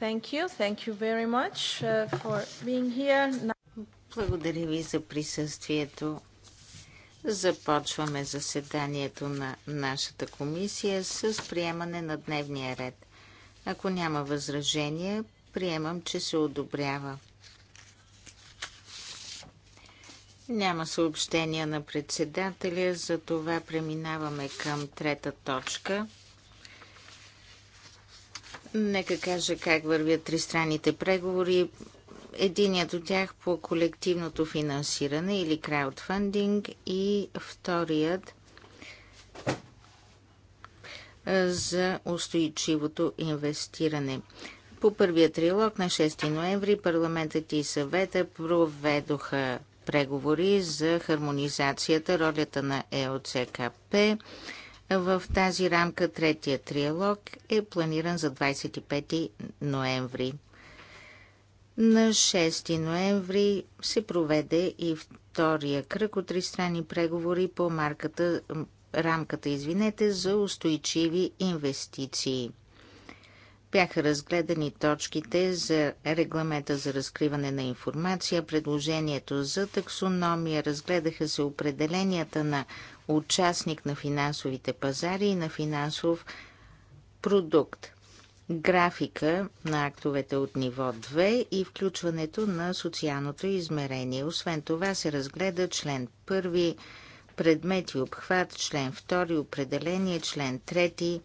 Thank you. Thank you very much uh, for being here. Благодаря ви за присъствието. Започваме заседанието на нашата комисия с приемане на дневния ред. Ако няма възражение, приемам, че се одобрява. Няма съобщения на председателя, за това преминаваме към трета точка – Нека кажа как вървят тристранните преговори. Единият от тях по колективното финансиране или краудфандинг и вторият за устойчивото инвестиране. По първия трилог на 6 ноември парламентът и съвета проведоха преговори за хармонизацията, ролята на ЕОЦКП в тази рамка третия триалог е планиран за 25 ноември. На 6 ноември се проведе и втория кръг от тристранни преговори по марката, рамката извинете, за устойчиви инвестиции. Бяха разгледани точките за регламента за разкриване на информация, предложението за таксономия, разгледаха се определенията на участник на финансовите пазари и на финансов продукт. Графика на актовете от ниво 2 и включването на социалното измерение. Освен това се разгледа член 1, предмет и обхват, член 2, определение, член 3,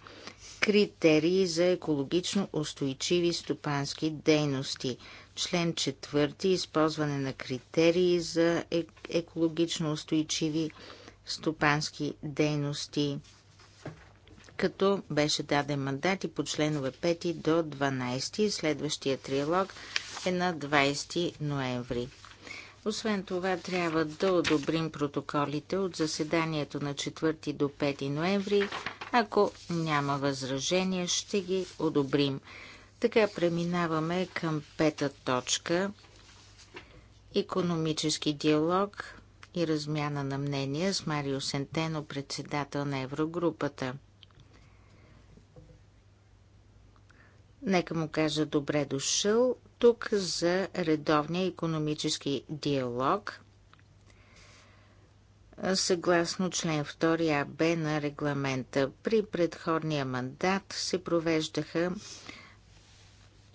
критерии за екологично устойчиви стопански дейности. Член 4. Използване на критерии за е-, екологично устойчиви дейности стопански дейности, като беше даден мандат и по членове 5 до 12. Следващия триалог е на 20 ноември. Освен това, трябва да одобрим протоколите от заседанието на 4 до 5 ноември. Ако няма възражения, ще ги одобрим. Така преминаваме към пета точка. Економически диалог и размяна на мнения с Марио Сентено, председател на Еврогрупата. Нека му кажа добре дошъл тук за редовния економически диалог съгласно член 2 АБ на регламента. При предходния мандат се провеждаха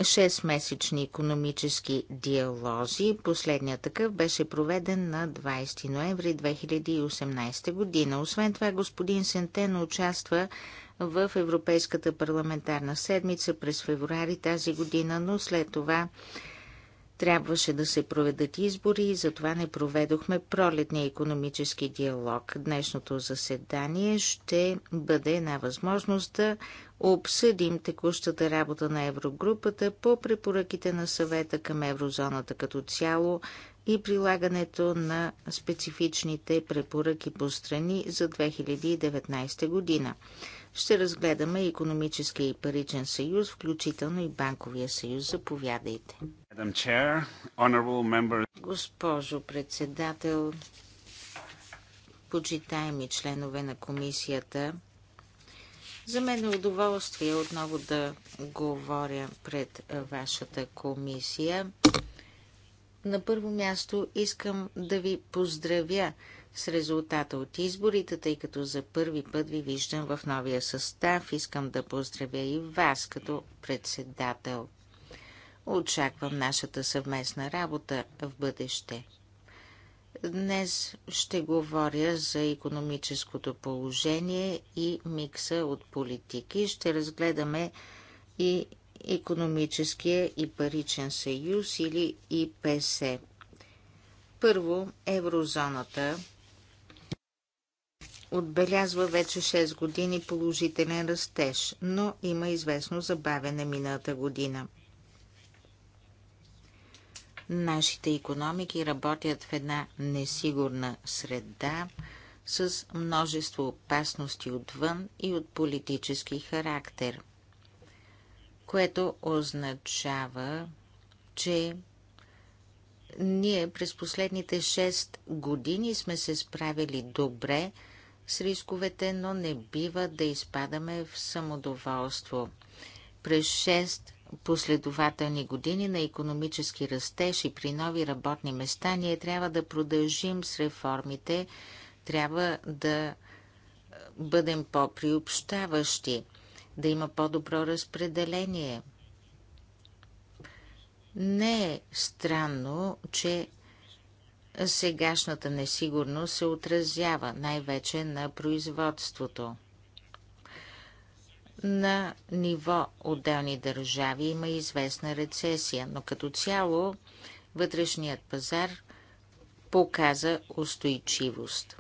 6-месечни економически диалози. Последният такъв беше проведен на 20 ноември 2018 година. Освен това, господин Сентен участва в Европейската парламентарна седмица през февруари тази година, но след това Трябваше да се проведат избори и затова не проведохме пролетния економически диалог. Днешното заседание ще бъде една възможност да обсъдим текущата работа на Еврогрупата по препоръките на съвета към еврозоната като цяло и прилагането на специфичните препоръки по страни за 2019 година. Ще разгледаме економическия и паричен съюз, включително и банковия съюз. Заповядайте. Госпожо председател, почитаеми членове на комисията, за мен е удоволствие отново да говоря пред вашата комисия. На първо място искам да ви поздравя с резултата от изборите, тъй като за първи път ви виждам в новия състав. Искам да поздравя и вас като председател. Очаквам нашата съвместна работа в бъдеще. Днес ще говоря за економическото положение и микса от политики. Ще разгледаме и економическия и паричен съюз или ИПС. Първо, еврозоната отбелязва вече 6 години положителен растеж, но има известно забавене миналата година. Нашите економики работят в една несигурна среда с множество опасности отвън и от политически характер, което означава, че ние през последните 6 години сме се справили добре с рисковете, но не бива да изпадаме в самодоволство. През 6 последователни години на економически растеж и при нови работни места, ние трябва да продължим с реформите, трябва да бъдем по-приобщаващи, да има по-добро разпределение. Не е странно, че сегашната несигурност се отразява най-вече на производството. На ниво отделни държави има известна рецесия, но като цяло вътрешният пазар показа устойчивост.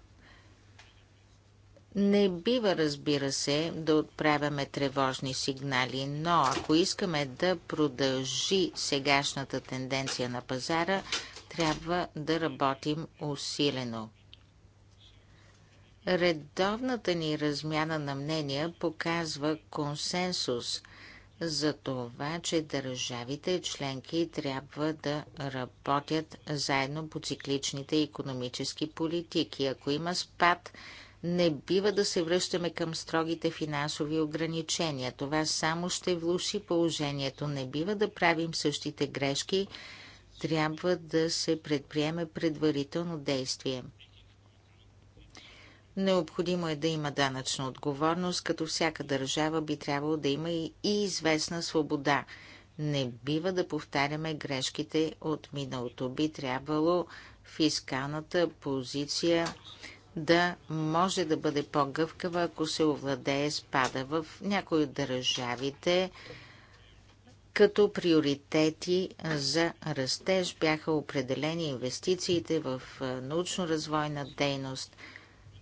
Не бива, разбира се, да отправяме тревожни сигнали, но ако искаме да продължи сегашната тенденция на пазара, трябва да работим усилено. Редовната ни размяна на мнения показва консенсус за това, че държавите членки трябва да работят заедно по цикличните економически политики. Ако има спад, не бива да се връщаме към строгите финансови ограничения. Това само ще влуши положението. Не бива да правим същите грешки. Трябва да се предприеме предварително действие. Необходимо е да има данъчна отговорност, като всяка държава би трябвало да има и известна свобода. Не бива да повтаряме грешките от миналото. Би трябвало фискалната позиция да може да бъде по-гъвкава, ако се овладее спада в някои от държавите. Като приоритети за растеж бяха определени инвестициите в научно-развойна дейност –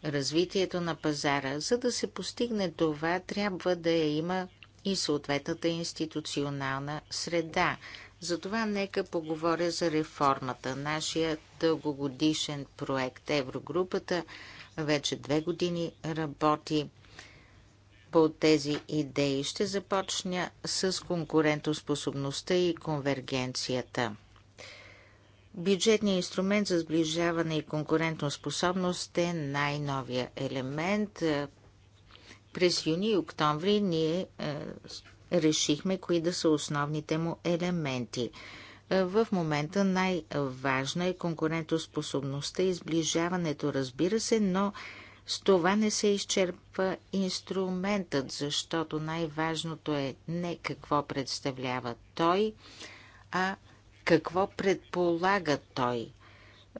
развитието на пазара. За да се постигне това, трябва да я има и съответната институционална среда. Затова нека поговоря за реформата. Нашия дългогодишен проект Еврогрупата вече две години работи по тези идеи. Ще започня с конкурентоспособността и конвергенцията. Бюджетният инструмент за сближаване и конкурентоспособност е най-новия елемент. През юни и октомври ние е, решихме кои да са основните му елементи. Е, в момента най-важна е конкурентоспособността и сближаването, разбира се, но с това не се изчерпва инструментът, защото най-важното е не какво представлява той, а какво предполага той?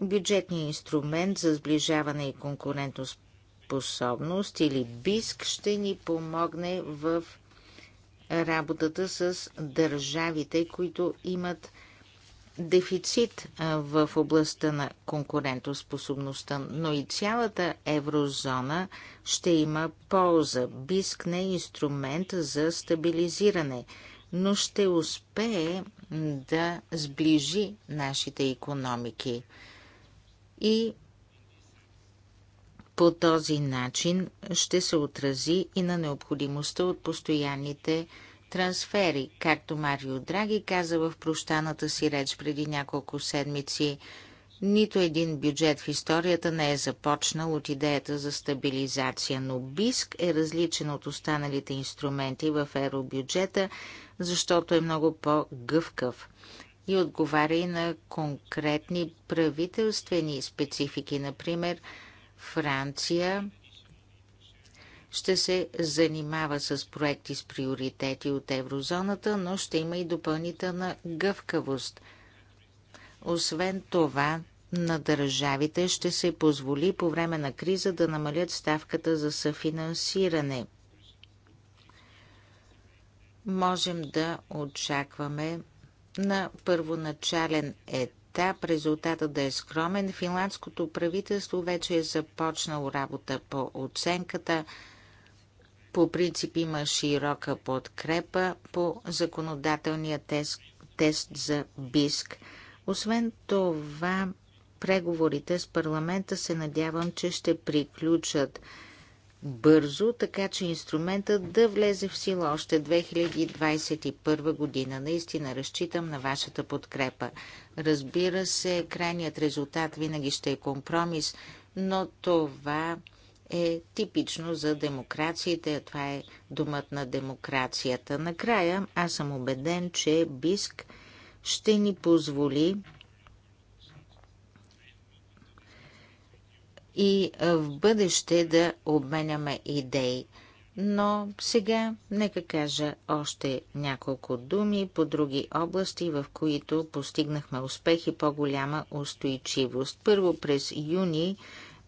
Бюджетният инструмент за сближаване и конкурентоспособност или БИСК ще ни помогне в работата с държавите, които имат дефицит в областта на конкурентоспособността, но и цялата еврозона ще има полза. Биск не е инструмент за стабилизиране, но ще успее да сближи нашите економики. И по този начин ще се отрази и на необходимостта от постоянните трансфери. Както Марио Драги каза в прощаната си реч преди няколко седмици, нито един бюджет в историята не е започнал от идеята за стабилизация, но БИСК е различен от останалите инструменти в евробюджета защото е много по-гъвкав и отговаря и на конкретни правителствени специфики. Например, Франция ще се занимава с проекти с приоритети от еврозоната, но ще има и допълнителна гъвкавост. Освен това, на държавите ще се позволи по време на криза да намалят ставката за съфинансиране можем да очакваме на първоначален етап резултата да е скромен. Финландското правителство вече е започнало работа по оценката. По принцип има широка подкрепа по законодателния тест, тест за БИСК. Освен това, преговорите с парламента се надявам, че ще приключат бързо, така че инструментът да влезе в сила още 2021 година. Наистина разчитам на вашата подкрепа. Разбира се, крайният резултат винаги ще е компромис, но това е типично за демокрациите. Това е думът на демокрацията. Накрая аз съм убеден, че БИСК ще ни позволи и в бъдеще да обменяме идеи. Но сега нека кажа още няколко думи по други области, в които постигнахме успех и по-голяма устойчивост. Първо през юни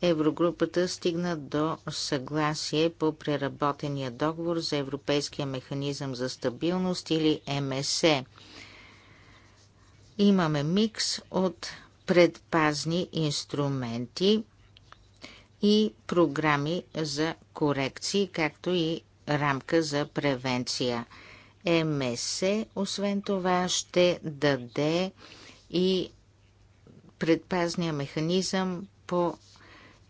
Еврогрупата стигна до съгласие по преработения договор за Европейския механизъм за стабилност или МСЕ. Имаме микс от предпазни инструменти – и програми за корекции, както и рамка за превенция. МС, освен това, ще даде и предпазния механизъм по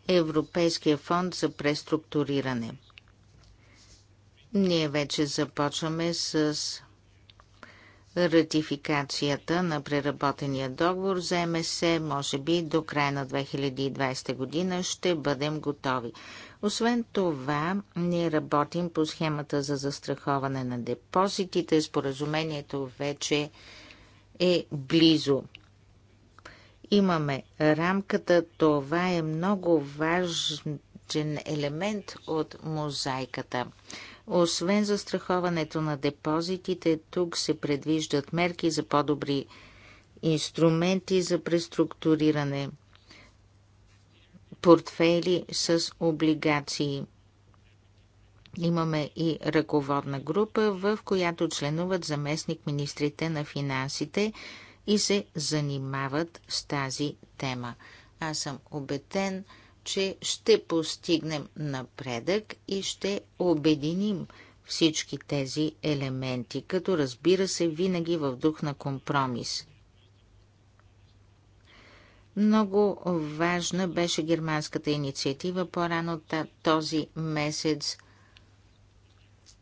Европейския фонд за преструктуриране. Ние вече започваме с ратификацията на преработения договор за МСС, може би до края на 2020 година ще бъдем готови. Освен това, ние работим по схемата за застраховане на депозитите. Споразумението вече е близо. Имаме рамката. Това е много важен елемент от мозайката. Освен застраховането на депозитите, тук се предвиждат мерки за по-добри инструменти за преструктуриране, портфели с облигации. Имаме и ръководна група, в която членуват заместник министрите на финансите и се занимават с тази тема. Аз съм обетен че ще постигнем напредък и ще обединим всички тези елементи, като разбира се винаги в дух на компромис. Много важна беше германската инициатива по-рано този месец.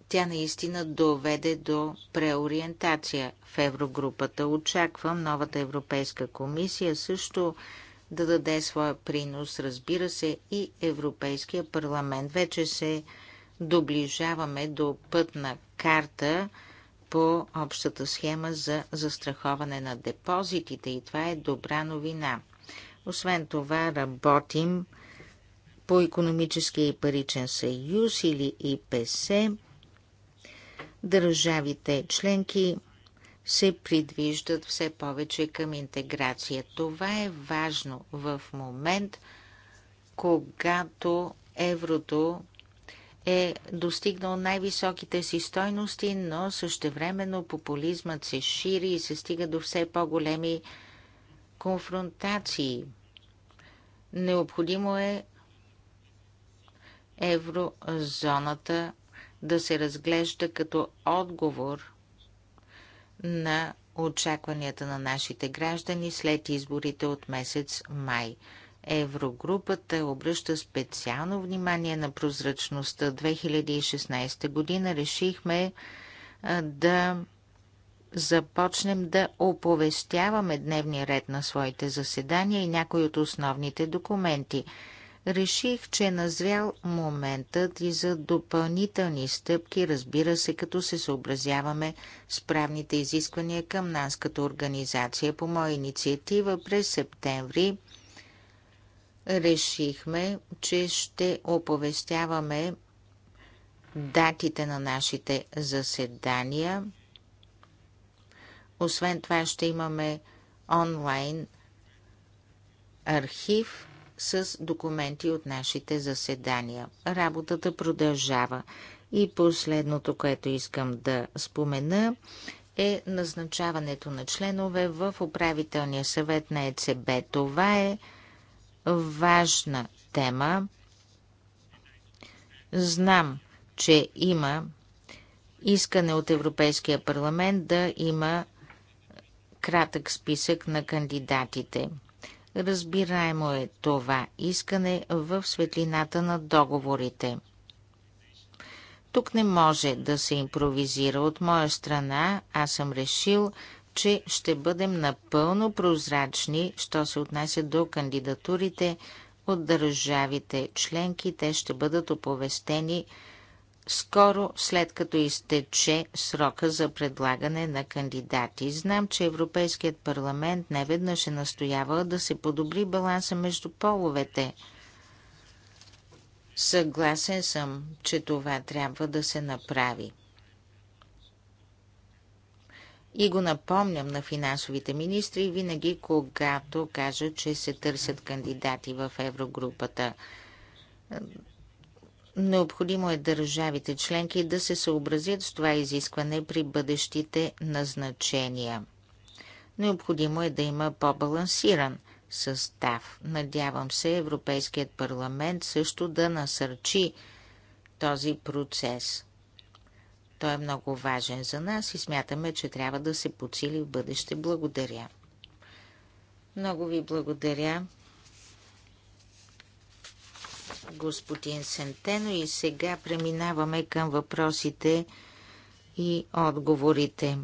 Тя наистина доведе до преориентация в еврогрупата. Очаквам новата Европейска комисия също да даде своя принос, разбира се, и Европейския парламент. Вече се доближаваме до пътна карта по общата схема за застраховане на депозитите и това е добра новина. Освен това работим по економическия и паричен съюз или ИПС. Държавите членки се придвиждат все повече към интеграция. Това е важно в момент, когато еврото е достигнал най-високите си стойности, но същевременно популизмът се шири и се стига до все по-големи конфронтации. Необходимо е еврозоната да се разглежда като отговор на очакванията на нашите граждани след изборите от месец май. Еврогрупата обръща специално внимание на прозрачността. 2016 година решихме да започнем да оповестяваме дневния ред на своите заседания и някои от основните документи – реших, че е назрял моментът и за допълнителни стъпки, разбира се, като се съобразяваме с правните изисквания към нас като организация. По моя инициатива през септември решихме, че ще оповестяваме датите на нашите заседания. Освен това ще имаме онлайн архив с документи от нашите заседания. Работата продължава. И последното, което искам да спомена, е назначаването на членове в управителния съвет на ЕЦБ. Това е важна тема. Знам, че има искане от Европейския парламент да има кратък списък на кандидатите. Разбираемо е това искане в светлината на договорите. Тук не може да се импровизира. От моя страна аз съм решил, че ще бъдем напълно прозрачни, що се отнася до кандидатурите от държавите членки. Те ще бъдат оповестени скоро след като изтече срока за предлагане на кандидати. Знам, че Европейският парламент неведнъж е настоявал да се подобри баланса между половете. Съгласен съм, че това трябва да се направи. И го напомням на финансовите министри винаги, когато кажа, че се търсят кандидати в еврогрупата. Необходимо е държавите членки да се съобразят с това изискване при бъдещите назначения. Необходимо е да има по-балансиран състав. Надявам се Европейският парламент също да насърчи този процес. Той е много важен за нас и смятаме, че трябва да се подсили в бъдеще. Благодаря. Много ви благодаря господин Сентено. И сега преминаваме към въпросите и отговорите.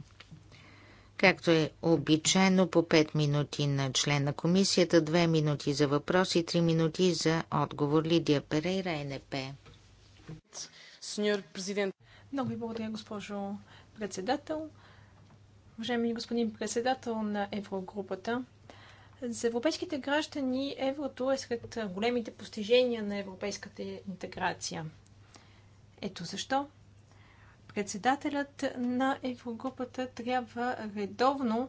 Както е обичайно, по 5 минути на член на комисията, 2 минути за въпроси, 3 минути за отговор. Лидия Перейра, НП. Сеньор президент. Много ви благодаря, госпожо председател. Уважаеми господин председател на Еврогрупата, за европейските граждани еврото е сред големите постижения на европейската интеграция. Ето защо председателят на еврогрупата трябва редовно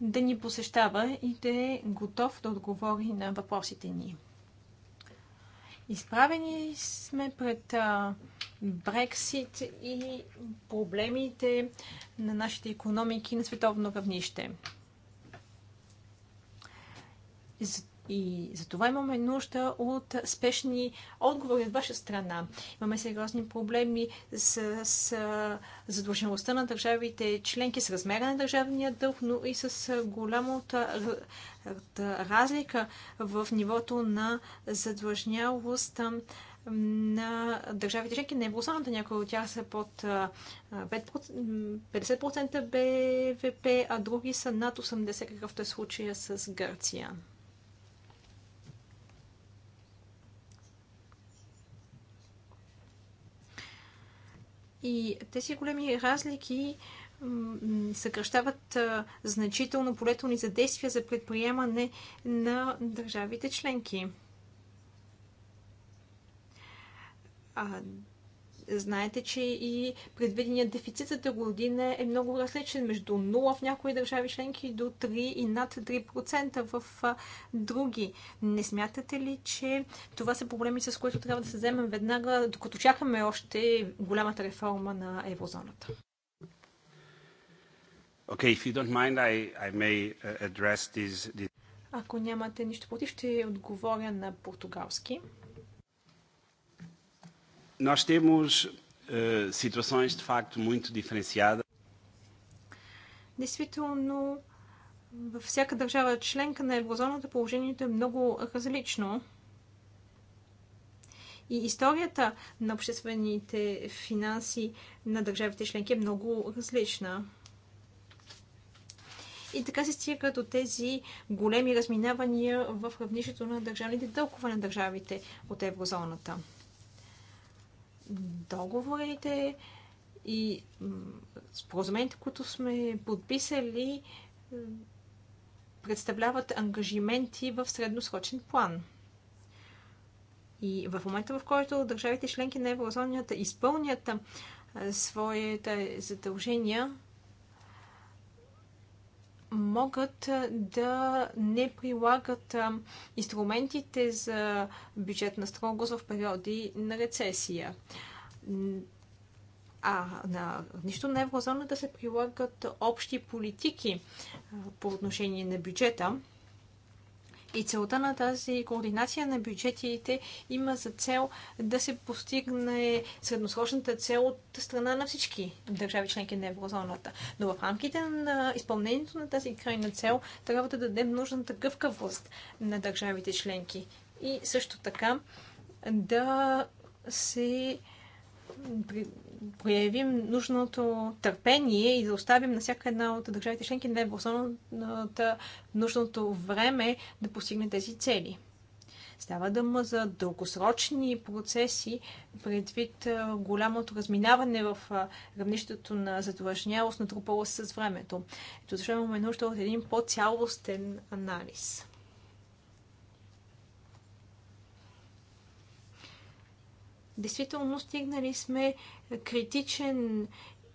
да ни посещава и да е готов да отговори на въпросите ни. Изправени сме пред Брексит и проблемите на нашите економики на световно равнище. И за това имаме нужда от спешни отговори от ваша страна. Имаме сериозни проблеми с, с задължеността на държавите членки, с размера на държавния дълг, но и с голямата разлика в нивото на задлъжнялост на държавите членки не е някои от тях са под 5%, 50% БВП, а други са над 80%, какъвто е случая с Гърция. И тези големи разлики съкръщават значително полето ни за действия за предприемане на държавите членки. А Знаете, че и предвиденият дефицит за година е много различен, между 0 в някои държави членки до 3 и над 3% в други. Не смятате ли, че това са проблеми, с които трябва да се вземем веднага, докато чакаме още голямата реформа на еврозоната? Okay, if you don't mind, I, I may uh, address this, this... Ако нямате нищо против, ще отговоря на португалски. Nós temos uh, situações de facto muito diferenciadas. Действително, във всяка държава членка на еврозоната положението е много различно. И историята на обществените финанси на държавите членки е много различна. И така се стига до тези големи разминавания в равнището на държавните дългове на държавите от еврозоната договорите и споразумените, които сме подписали, представляват ангажименти в средносрочен план. И в момента, в който държавите членки на еврозоната изпълнят своите задължения, могат да не прилагат инструментите за бюджетна строгост в периоди на рецесия. А на нищо на да се прилагат общи политики по отношение на бюджета. И целта на тази координация на бюджетите има за цел да се постигне средносрочната цел от страна на всички държави членки на еврозоната. Но в рамките на изпълнението на тази крайна цел трябва да дадем нужната гъвкавост на държавите членки. И също така да се проявим нужното търпение и да оставим на всяка една от държавите членки на еврозоната нужното време да постигне тези цели. Става дума за дългосрочни процеси, предвид голямото разминаване в равнището на задлъжнялост, трупала с времето. Ето защо имаме нужда от един по-цялостен анализ. Действително стигнали сме критичен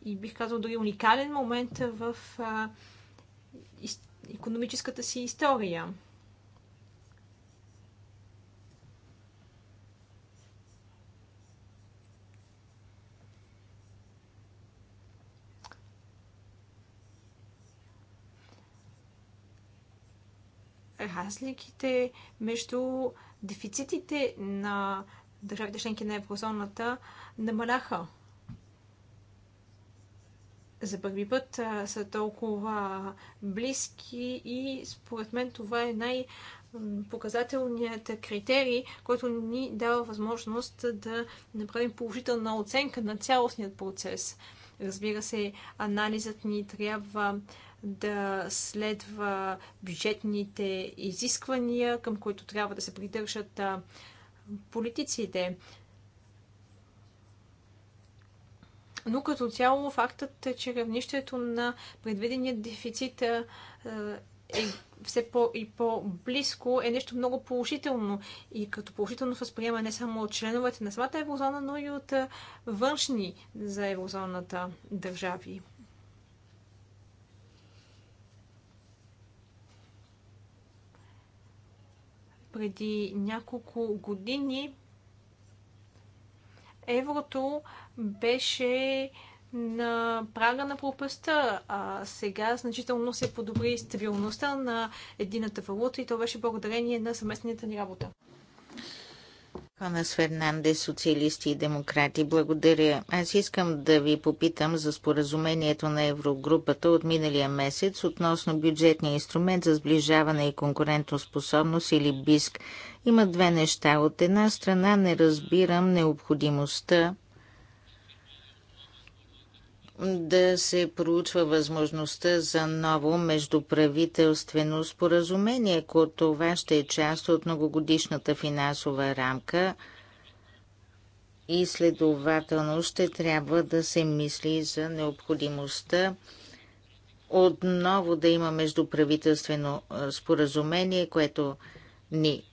и бих казал дори уникален момент в а, из, економическата си история. разликите между дефицитите на държавите членки на еврозоната намаляха. За първи път са толкова близки и според мен това е най- показателният критерий, който ни дава възможност да направим положителна оценка на цялостният процес. Разбира се, анализът ни трябва да следва бюджетните изисквания, към които трябва да се придържат политиците. Но като цяло фактът е, че равнището на предвидения дефицит е все по- и по-близко е нещо много положително. И като положително възприема не само от членовете на самата еврозона, но и от външни за еврозоната държави. преди няколко години еврото беше на прага на пропаста, а сега значително се подобри стабилността на едината валута и то беше благодарение на съместната ни работа. Конас Фернандес, социалисти и демократи, благодаря. Аз искам да ви попитам за споразумението на Еврогрупата от миналия месец относно бюджетния инструмент за сближаване и конкурентоспособност или БИСК. Има две неща. От една страна не разбирам необходимостта да се проучва възможността за ново междуправителствено споразумение, ако това ще е част от многогодишната финансова рамка и следователно ще трябва да се мисли за необходимостта отново да има междуправителствено споразумение, което ни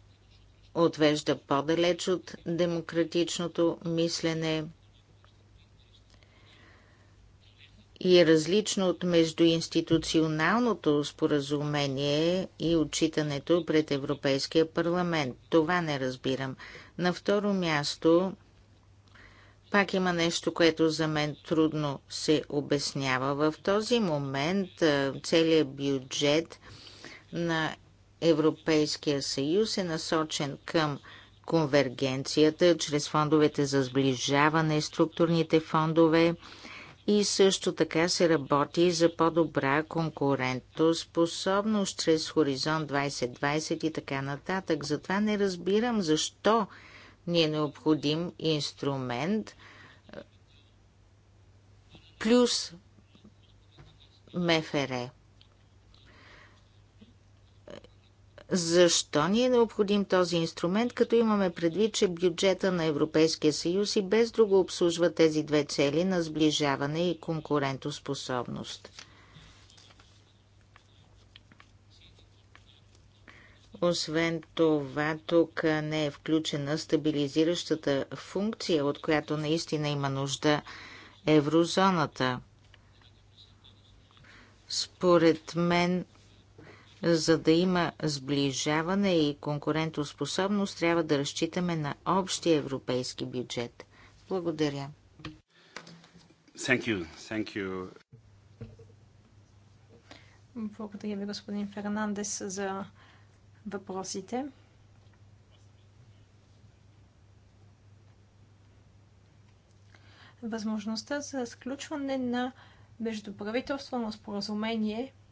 отвежда по-далеч от демократичното мислене – и различно от междуинституционалното споразумение и отчитането пред Европейския парламент. Това не разбирам. На второ място, пак има нещо, което за мен трудно се обяснява. В този момент целият бюджет на Европейския съюз е насочен към конвергенцията чрез фондовете за сближаване, структурните фондове – и също така се работи за по-добра конкурентоспособност чрез Хоризонт 2020 и така нататък. Затова не разбирам защо ни е необходим инструмент плюс МФР. Защо ни е необходим този инструмент, като имаме предвид, че бюджета на Европейския съюз и без друго обслужва тези две цели на сближаване и конкурентоспособност? Освен това, тук не е включена стабилизиращата функция, от която наистина има нужда еврозоната. Според мен за да има сближаване и конкурентоспособност, трябва да разчитаме на общия европейски бюджет. Благодаря. Thank you. Thank you. Благодаря ви, господин Фернандес, за въпросите. Възможността за сключване на междуправителствено споразумение –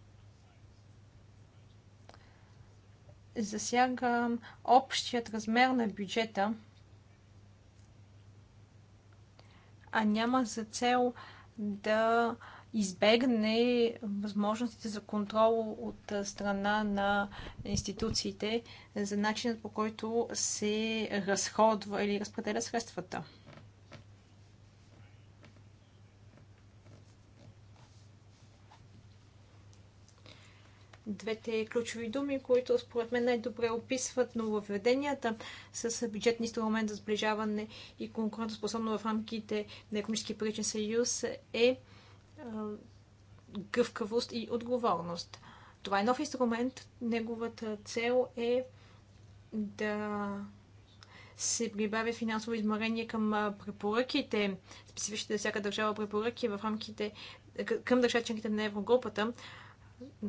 засяга общият размер на бюджета, а няма за цел да избегне възможностите за контрол от страна на институциите за начинът по който се разходва или разпределя средствата. двете ключови думи, които според мен най-добре описват нововведенията с бюджетни инструмент за сближаване и конкурентоспособно в рамките на Економически паричен съюз е гъвкавост и отговорност. Това е нов инструмент. Неговата цел е да се прибавя финансово измерение към препоръките, специфичните за всяка държава препоръки в рамките към държавченките на Еврогрупата,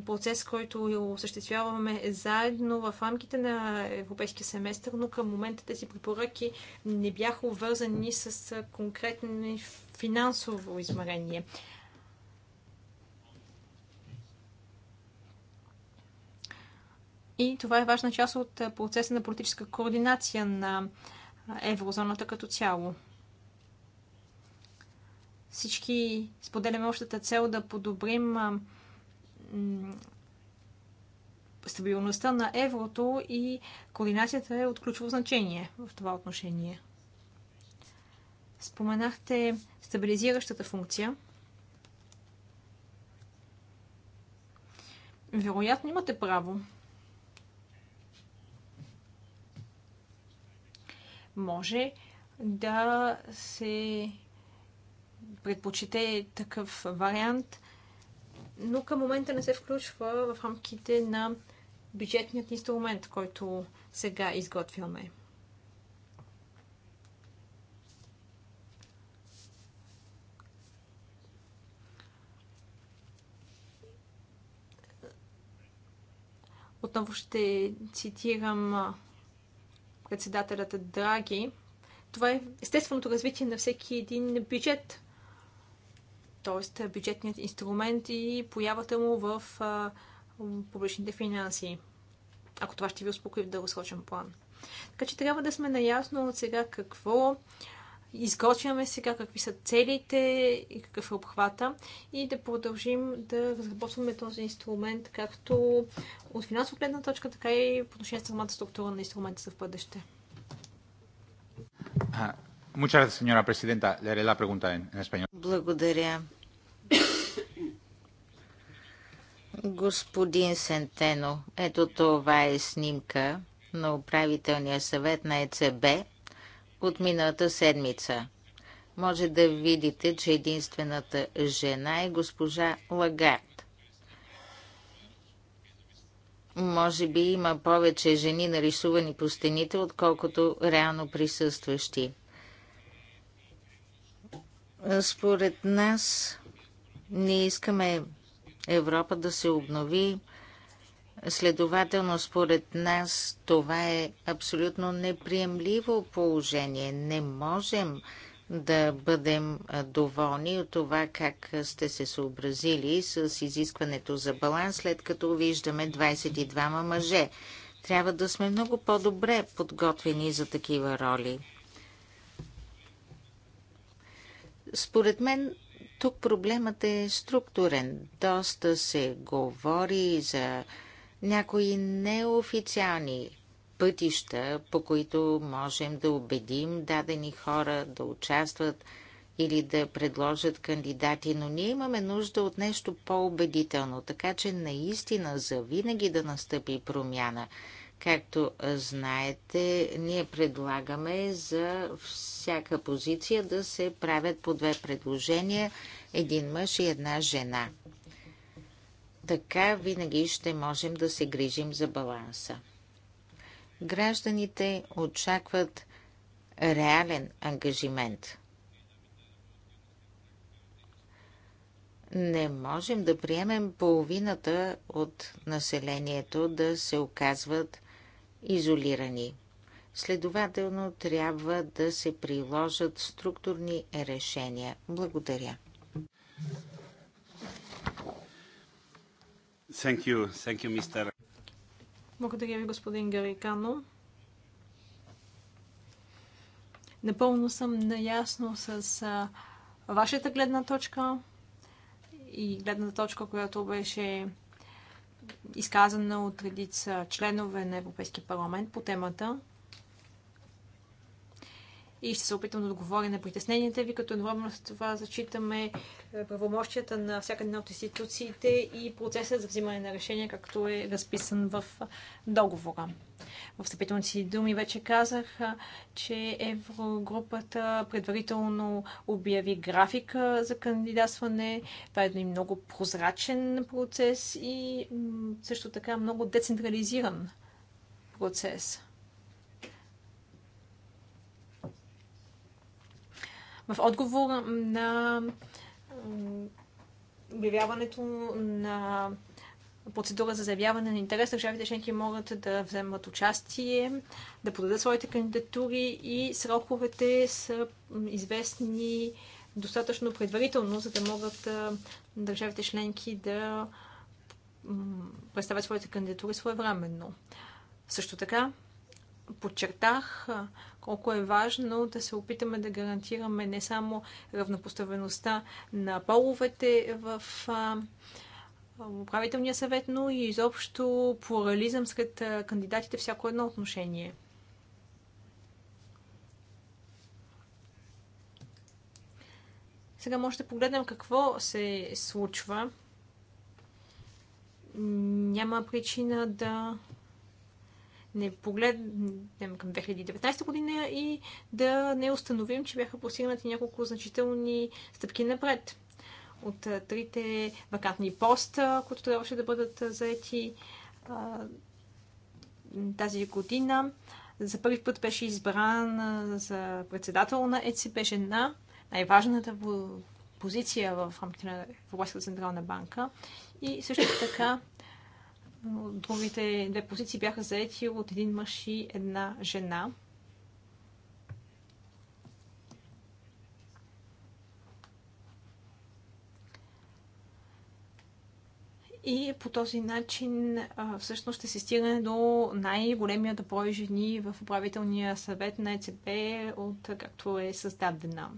процес, който осъществяваме заедно в рамките на европейския семестър, но към момента тези препоръки не бяха увързани с конкретно финансово измерение. И това е важна част от процеса на политическа координация на еврозоната като цяло. Всички споделяме общата цел да подобрим стабилността на еврото и координацията е от ключово значение в това отношение. Споменахте стабилизиращата функция. Вероятно имате право. Може да се предпочите такъв вариант, но към момента не се включва в рамките на бюджетният инструмент, който сега изготвяме. Отново ще цитирам председателята Драги. Това е естественото развитие на всеки един бюджет т.е. бюджетният инструмент и появата му в публичните финанси, ако това ще ви успокои в дългосрочен план. Така че трябва да сме наясно от сега какво изготвяме сега, какви са целите и какъв е обхвата и да продължим да разработваме този инструмент както от финансова гледна точка, така и по отношение с самата структура на инструмента за в бъдеще. Благодаря. Господин Сентено, ето това е снимка на управителния съвет на ЕЦБ от миналата седмица. Може да видите, че единствената жена е госпожа Лагард. Може би има повече жени нарисувани по стените, отколкото реално присъстващи. Е, според нас ние искаме Европа да се обнови. Следователно, според нас това е абсолютно неприемливо положение. Не можем да бъдем е, доволни от това как е, сте се съобразили с изискването за баланс, след като виждаме 22 мъже. Трябва да сме много по-добре подготвени за такива роли. Според мен тук проблемът е структурен. Доста се говори за някои неофициални пътища, по които можем да убедим дадени хора да участват или да предложат кандидати, но ние имаме нужда от нещо по-убедително, така че наистина за винаги да настъпи промяна. Както знаете, ние предлагаме за всяка позиция да се правят по две предложения един мъж и една жена. Така винаги ще можем да се грижим за баланса. Гражданите очакват реален ангажимент. Не можем да приемем половината от населението да се оказват изолирани. Следователно трябва да се приложат структурни решения. Благодаря. Thank you. Thank you, Mr. Благодаря ви, господин Гарикано. Напълно съм наясно с а, вашата гледна точка и гледната точка, която беше изказана от редица членове на Европейския парламент по темата и ще се опитам да отговоря на притесненията ви, като едновременно с това зачитаме е, правомощията на всяка една от институциите и процеса за взимане на решения, както е разписан в договора. В встъпителните си думи вече казах, че Еврогрупата предварително обяви графика за кандидатстване. Това е един много прозрачен процес и също така много децентрализиран процес. в отговор на обявяването на процедура за заявяване на интерес, държавите членки могат да вземат участие, да подадат своите кандидатури и сроковете са известни достатъчно предварително, за да могат държавите членки да представят своите кандидатури своевременно. Също така, подчертах колко е важно да се опитаме да гарантираме не само равнопоставеността на половете в управителния съвет, но и изобщо плурализъм сред кандидатите всяко едно отношение. Сега може да погледнем какво се случва. Няма причина да не погледнем към 2019 година и да не установим, че бяха постигнати няколко значителни стъпки напред. От трите вакантни поста, които трябваше да бъдат заети тази година, за първи път беше избран за председател на ЕЦБ жена, най-важната позиция в рамките на Европейската централна банка. И също така Другите две позиции бяха заети от един мъж и една жена. И по този начин всъщност ще се стигне до най-големият брой жени в управителния съвет на ЕЦБ, от както е създадена.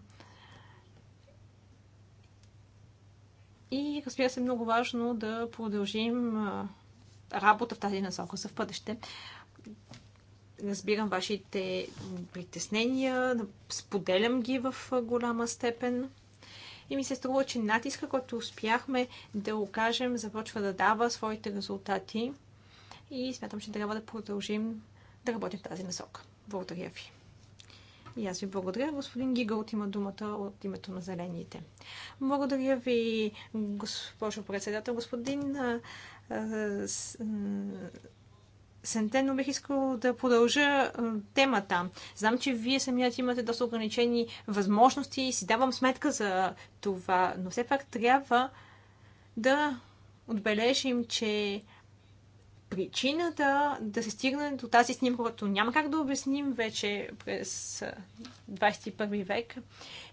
И разбира се, много важно да продължим работа в тази насока за в бъдеще. Разбирам вашите притеснения, споделям ги в голяма степен. И ми се струва, че натиска, който успяхме да окажем, започва да дава своите резултати. И смятам, че трябва да продължим да работим в тази насока. Благодаря ви. И аз ви благодаря. Господин Гигълт има думата от името на Зелените. Благодаря ви, госпожо председател. Господин Сентено бих искал да продължа темата. Знам, че вие самият имате доста ограничени възможности и си давам сметка за това, но все пак трябва да отбележим, че причината да се стигне до тази снимка, която няма как да обясним вече през 21 век,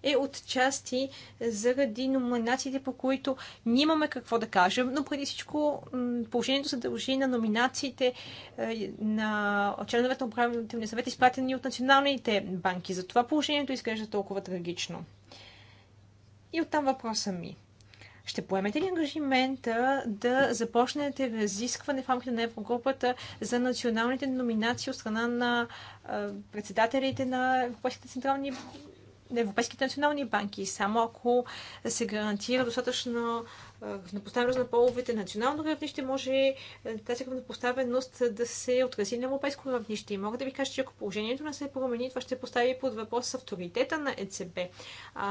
е отчасти заради номинациите, по които нямаме какво да кажем, но преди всичко положението се дължи на номинациите е, на членовете на управителния съвет, изпратени от националните банки. за това положението изглежда толкова трагично. И оттам въпроса ми – ще поемете ли ангажимента да започнете разискване в рамките на Еврогрупата за националните номинации от страна на председателите на Европейските централни европейските национални банки. Само ако се гарантира достатъчно равнопоставеност на половите национално равнище, може тази равнопоставеност да се отрази на европейско равнище. И мога да ви кажа, че ако положението не се промени, това ще постави под въпрос авторитета на ЕЦБ.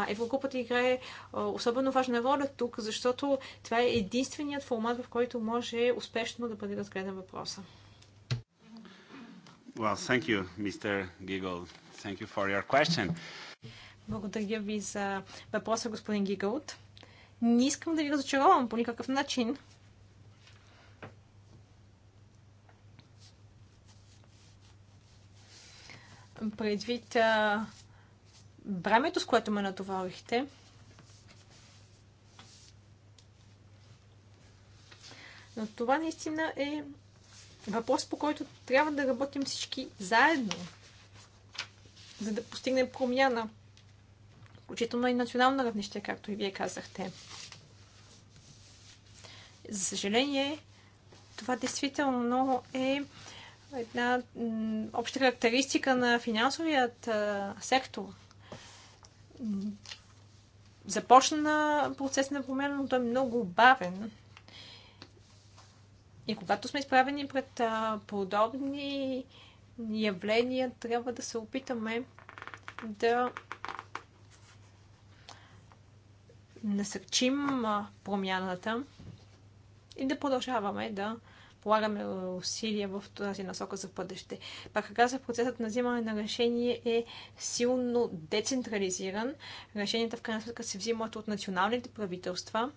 Еврогрупата играе особено важна роля тук, защото това е единственият формат, в който може успешно да бъде разгледан въпроса. Well, thank you, Mr. Giggle. Thank you for your question. Благодаря ви за въпроса, господин Гигалт. Не искам да ви разочаровам по никакъв начин. Предвид а, с което ме натоварихте, но това наистина е въпрос, по който трябва да работим всички заедно, за да постигнем промяна включително и национално равнище, както и вие казахте. За съжаление, това действително е една обща характеристика на финансовият сектор. Започна процес на промяна, но той е много бавен. И когато сме изправени пред подобни явления, трябва да се опитаме да насърчим промяната и да продължаваме да полагаме усилия в тази насока за бъдеще. Пак казах, процесът на взимане на решение е силно децентрализиран. Решенията в крайна сметка се взимат от националните правителства.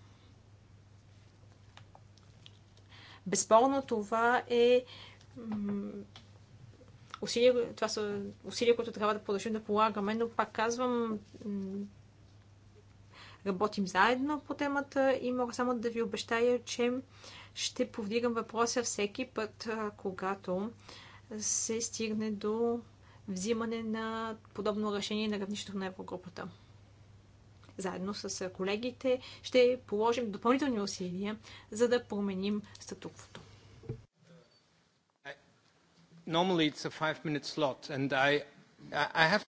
Безспорно това е усилия, това са усилия, които трябва да продължим да полагаме, но пак казвам, работим заедно по темата и мога само да ви обещая, че ще повдигам въпроса всеки път, когато се стигне до взимане на подобно решение на равнището на Еврогрупата. Заедно с колегите ще положим допълнителни усилия, за да променим статуквото. Normally it's a five minute slot and I, I have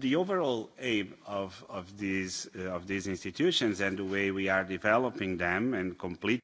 the overall aim of, of, these, uh, of these institutions and the way we are developing them and completing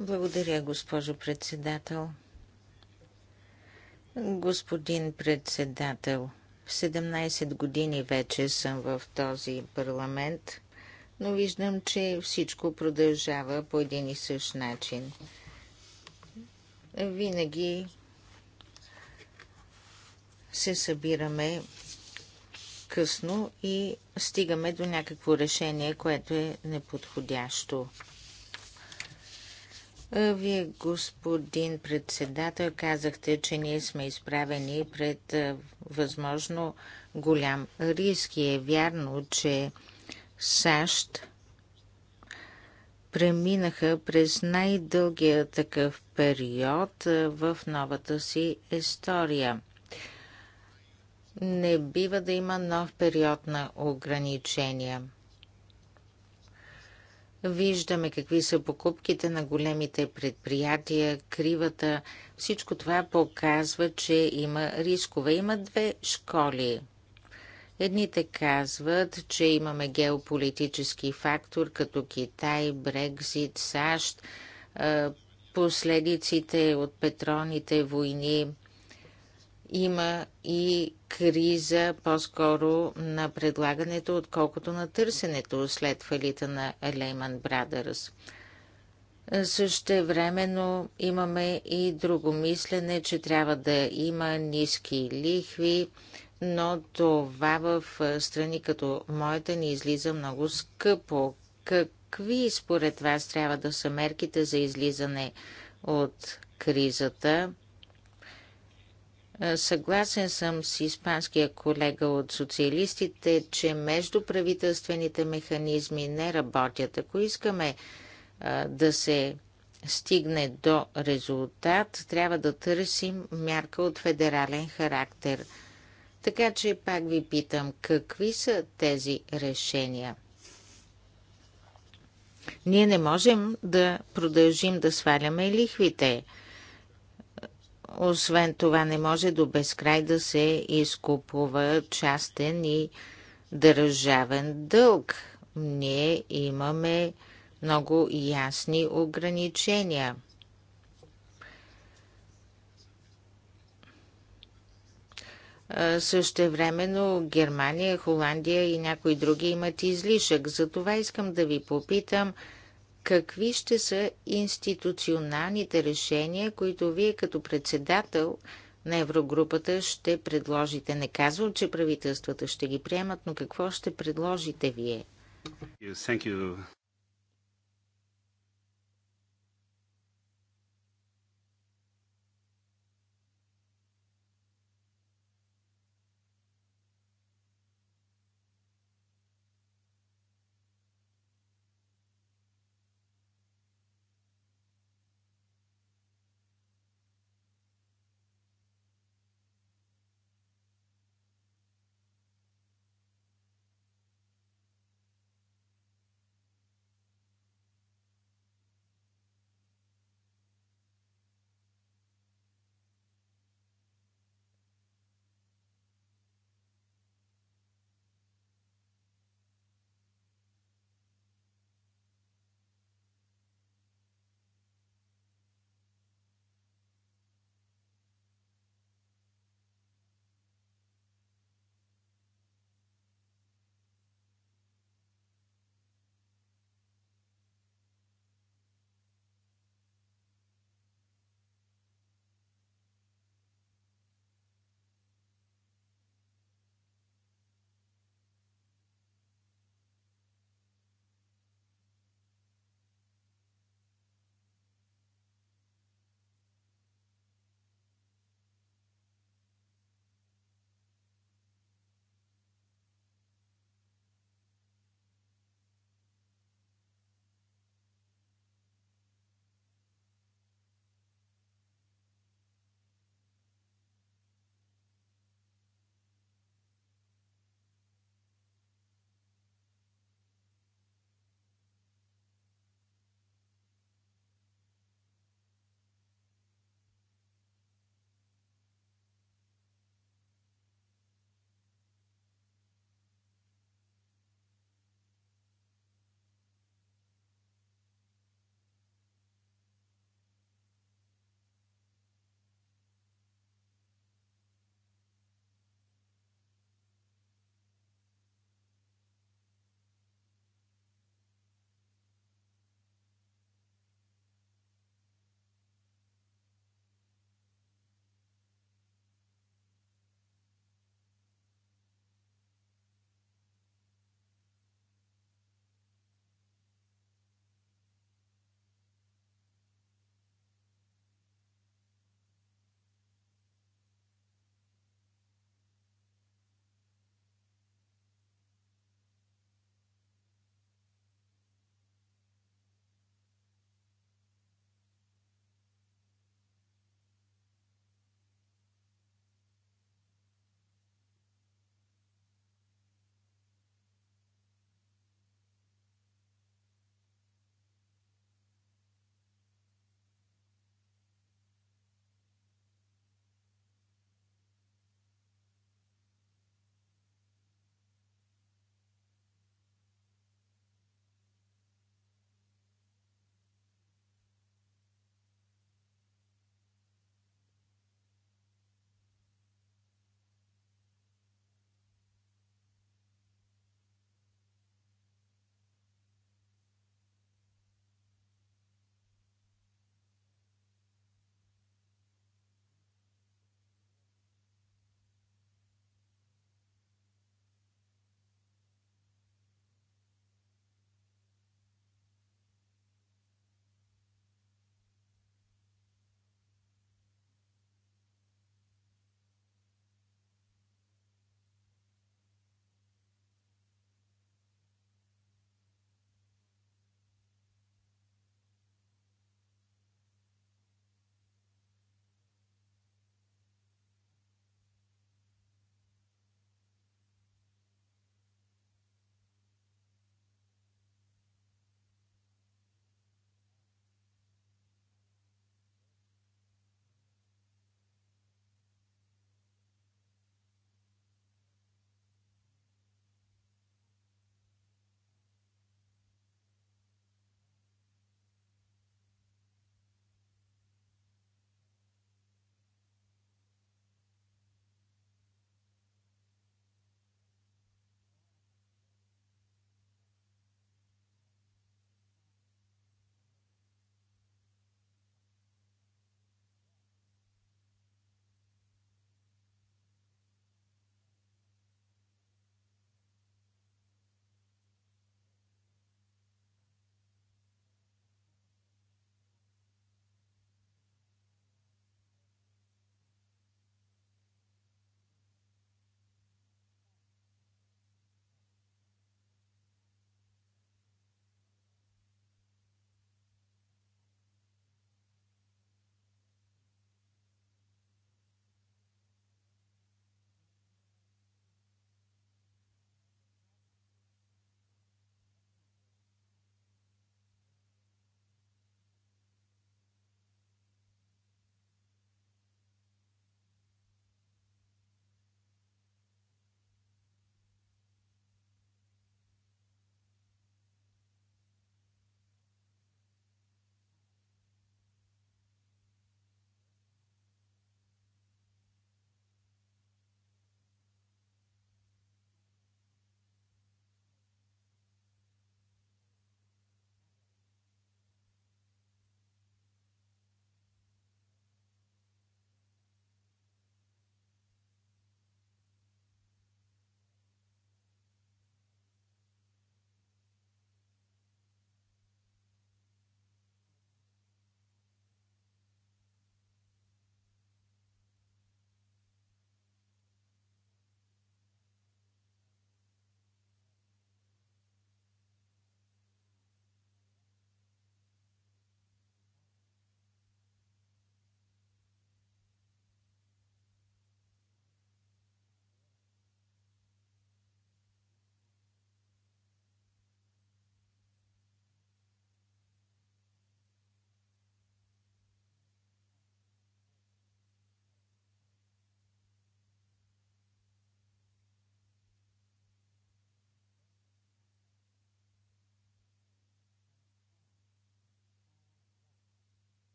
Благодаря, госпожо председател. Господин председател, 17 години вече съм в този парламент, но виждам, че всичко продължава по един и същ начин. Винаги се събираме късно и стигаме до някакво решение, което е неподходящо. Вие, господин председател, казахте, че ние сме изправени пред възможно голям риск и е вярно, че САЩ преминаха през най-дългия такъв период в новата си история. Не бива да има нов период на ограничения – Виждаме какви са покупките на големите предприятия, кривата. Всичко това показва, че има рискове. Има две школи. Едните казват, че имаме геополитически фактор, като Китай, Брекзит, САЩ, последиците от петроните войни – има и криза по-скоро на предлагането, отколкото на търсенето след фалита на Лейман Brothers. Също времено имаме и друго мислене, че трябва да има ниски лихви, но това в страни като моята ни излиза много скъпо. Какви според вас трябва да са мерките за излизане от кризата? Е, съгласен съм с испанския колега от социалистите, че междуправителствените механизми не работят. Ако искаме е, да се стигне до резултат, трябва да търсим мярка от федерален характер. Така че пак ви питам, какви са тези решения? Ние не можем да продължим да сваляме лихвите. Освен това, не може до безкрай да се изкупува частен и държавен дълг. Ние имаме много ясни ограничения. Същевременно Германия, Холандия и някои други имат излишък. Затова искам да ви попитам – какви ще са институционалните решения, които вие като председател на Еврогрупата ще предложите? Не казвам, че правителствата ще ги приемат, но какво ще предложите вие? Thank you.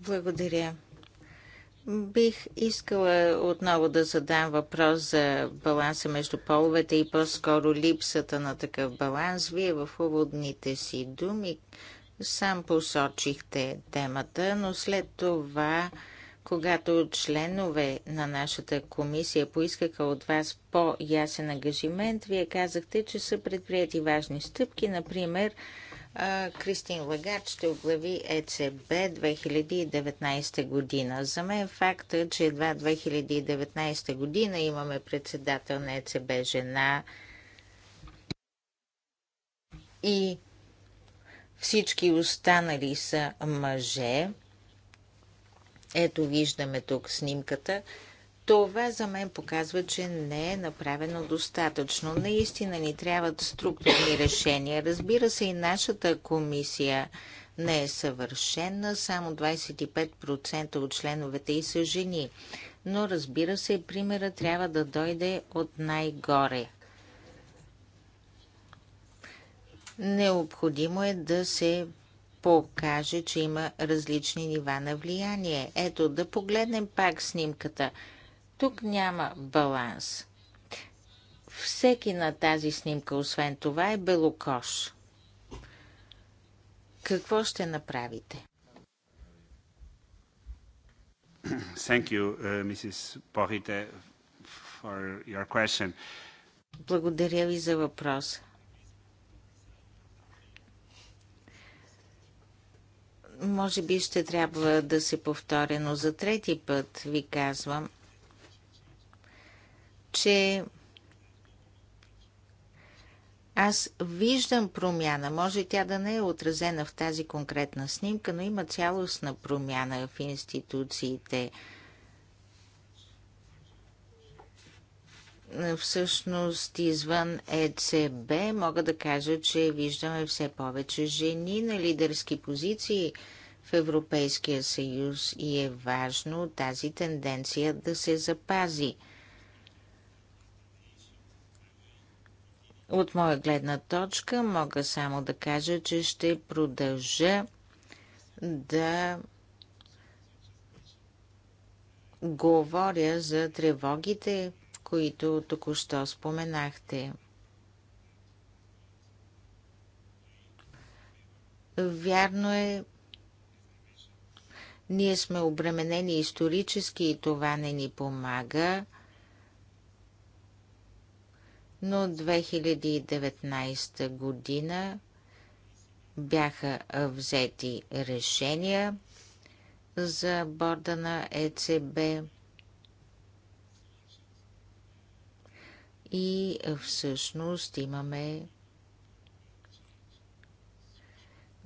Благодаря. Бих искала отново да задам въпрос за баланса между половете и по-скоро липсата на такъв баланс. Вие в уводните си думи сам посочихте темата, но след това, когато членове на нашата комисия поискаха от вас по-ясен ангажимент, вие казахте, че са предприяти важни стъпки, например, Кристин Лагард ще оглави ЕЦБ 2019 година. За мен факта, е, че едва 2019 година имаме председател на ЕЦБ жена и всички останали са мъже. Ето виждаме тук снимката – това за мен показва, че не е направено достатъчно. Наистина ни трябват структурни решения. Разбира се, и нашата комисия не е съвършена. Само 25% от членовете и са жени. Но разбира се, примера трябва да дойде от най-горе. Необходимо е да се покаже, че има различни нива на влияние. Ето, да погледнем пак снимката – тук няма баланс. Всеки на тази снимка, освен това, е белокош. Какво ще направите? Thank you, uh, Mrs. for your question. Благодаря ви за въпроса. Може би ще трябва да се повторя, но за трети път ви казвам, че аз виждам промяна. Може тя да не е отразена в тази конкретна снимка, но има цялостна промяна в институциите. Всъщност, извън ЕЦБ, мога да кажа, че виждаме все повече жени на лидерски позиции в Европейския съюз и е важно тази тенденция да се запази. От моя гледна точка мога само да кажа, че ще продължа да говоря за тревогите, които току-що споменахте. Вярно е, ние сме обременени исторически и това не ни помага но 2019 година бяха взети решения за борда на ЕЦБ и всъщност имаме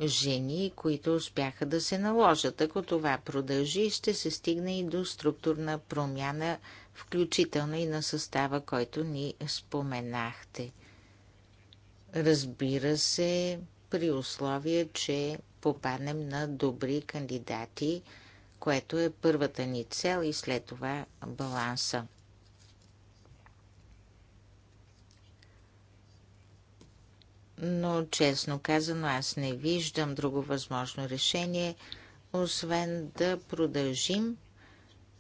жени, които успяха да се наложат. Ако това продължи, ще се стигне и до структурна промяна включително и на състава, който ни споменахте. Разбира се, при условие, че попаднем на добри кандидати, което е първата ни цел и след това баланса. Но честно казано, аз не виждам друго възможно решение, освен да продължим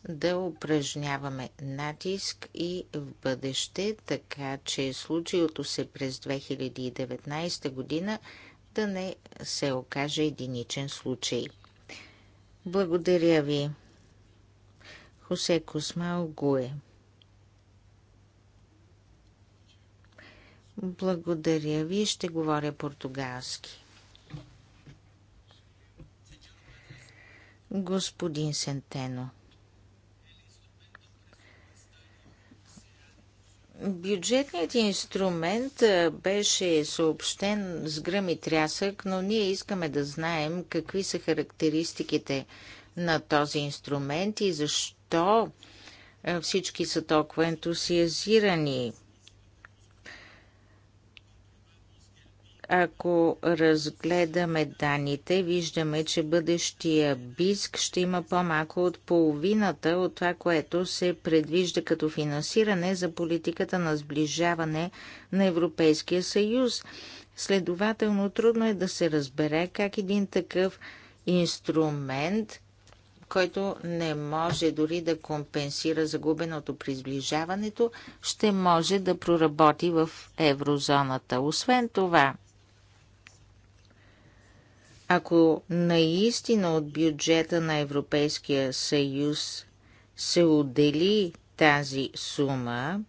да упражняваме натиск и в бъдеще, така че случилото се през 2019 година да не се окаже единичен случай. Благодаря ви. Хосе Космал Гуе Благодаря ви. Ще говоря португалски. Господин Сентено, Бюджетният инструмент беше съобщен с гръм и трясък, но ние искаме да знаем какви са характеристиките на този инструмент и защо всички са толкова ентусиазирани. Ако разгледаме данните, виждаме, че бъдещия БИСК ще има по-малко от половината от това, което се предвижда като финансиране за политиката на сближаване на Европейския съюз. Следователно, трудно е да се разбере как един такъв инструмент, който не може дори да компенсира загубеното при сближаването, ще може да проработи в еврозоната. Освен това, ако наистина от бюджета на Европейския съюз се отдели тази сума,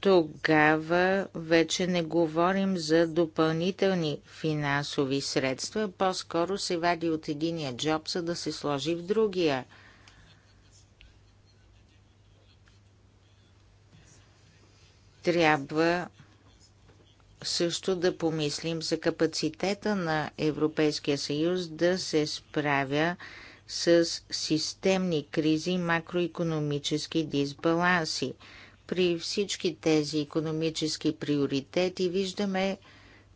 тогава вече не говорим за допълнителни финансови средства, по-скоро се вади от единия джоб, за да се сложи в другия. Трябва също да помислим за капацитета на Европейския съюз да се справя с системни кризи и макроекономически дисбаланси. При всички тези економически приоритети виждаме,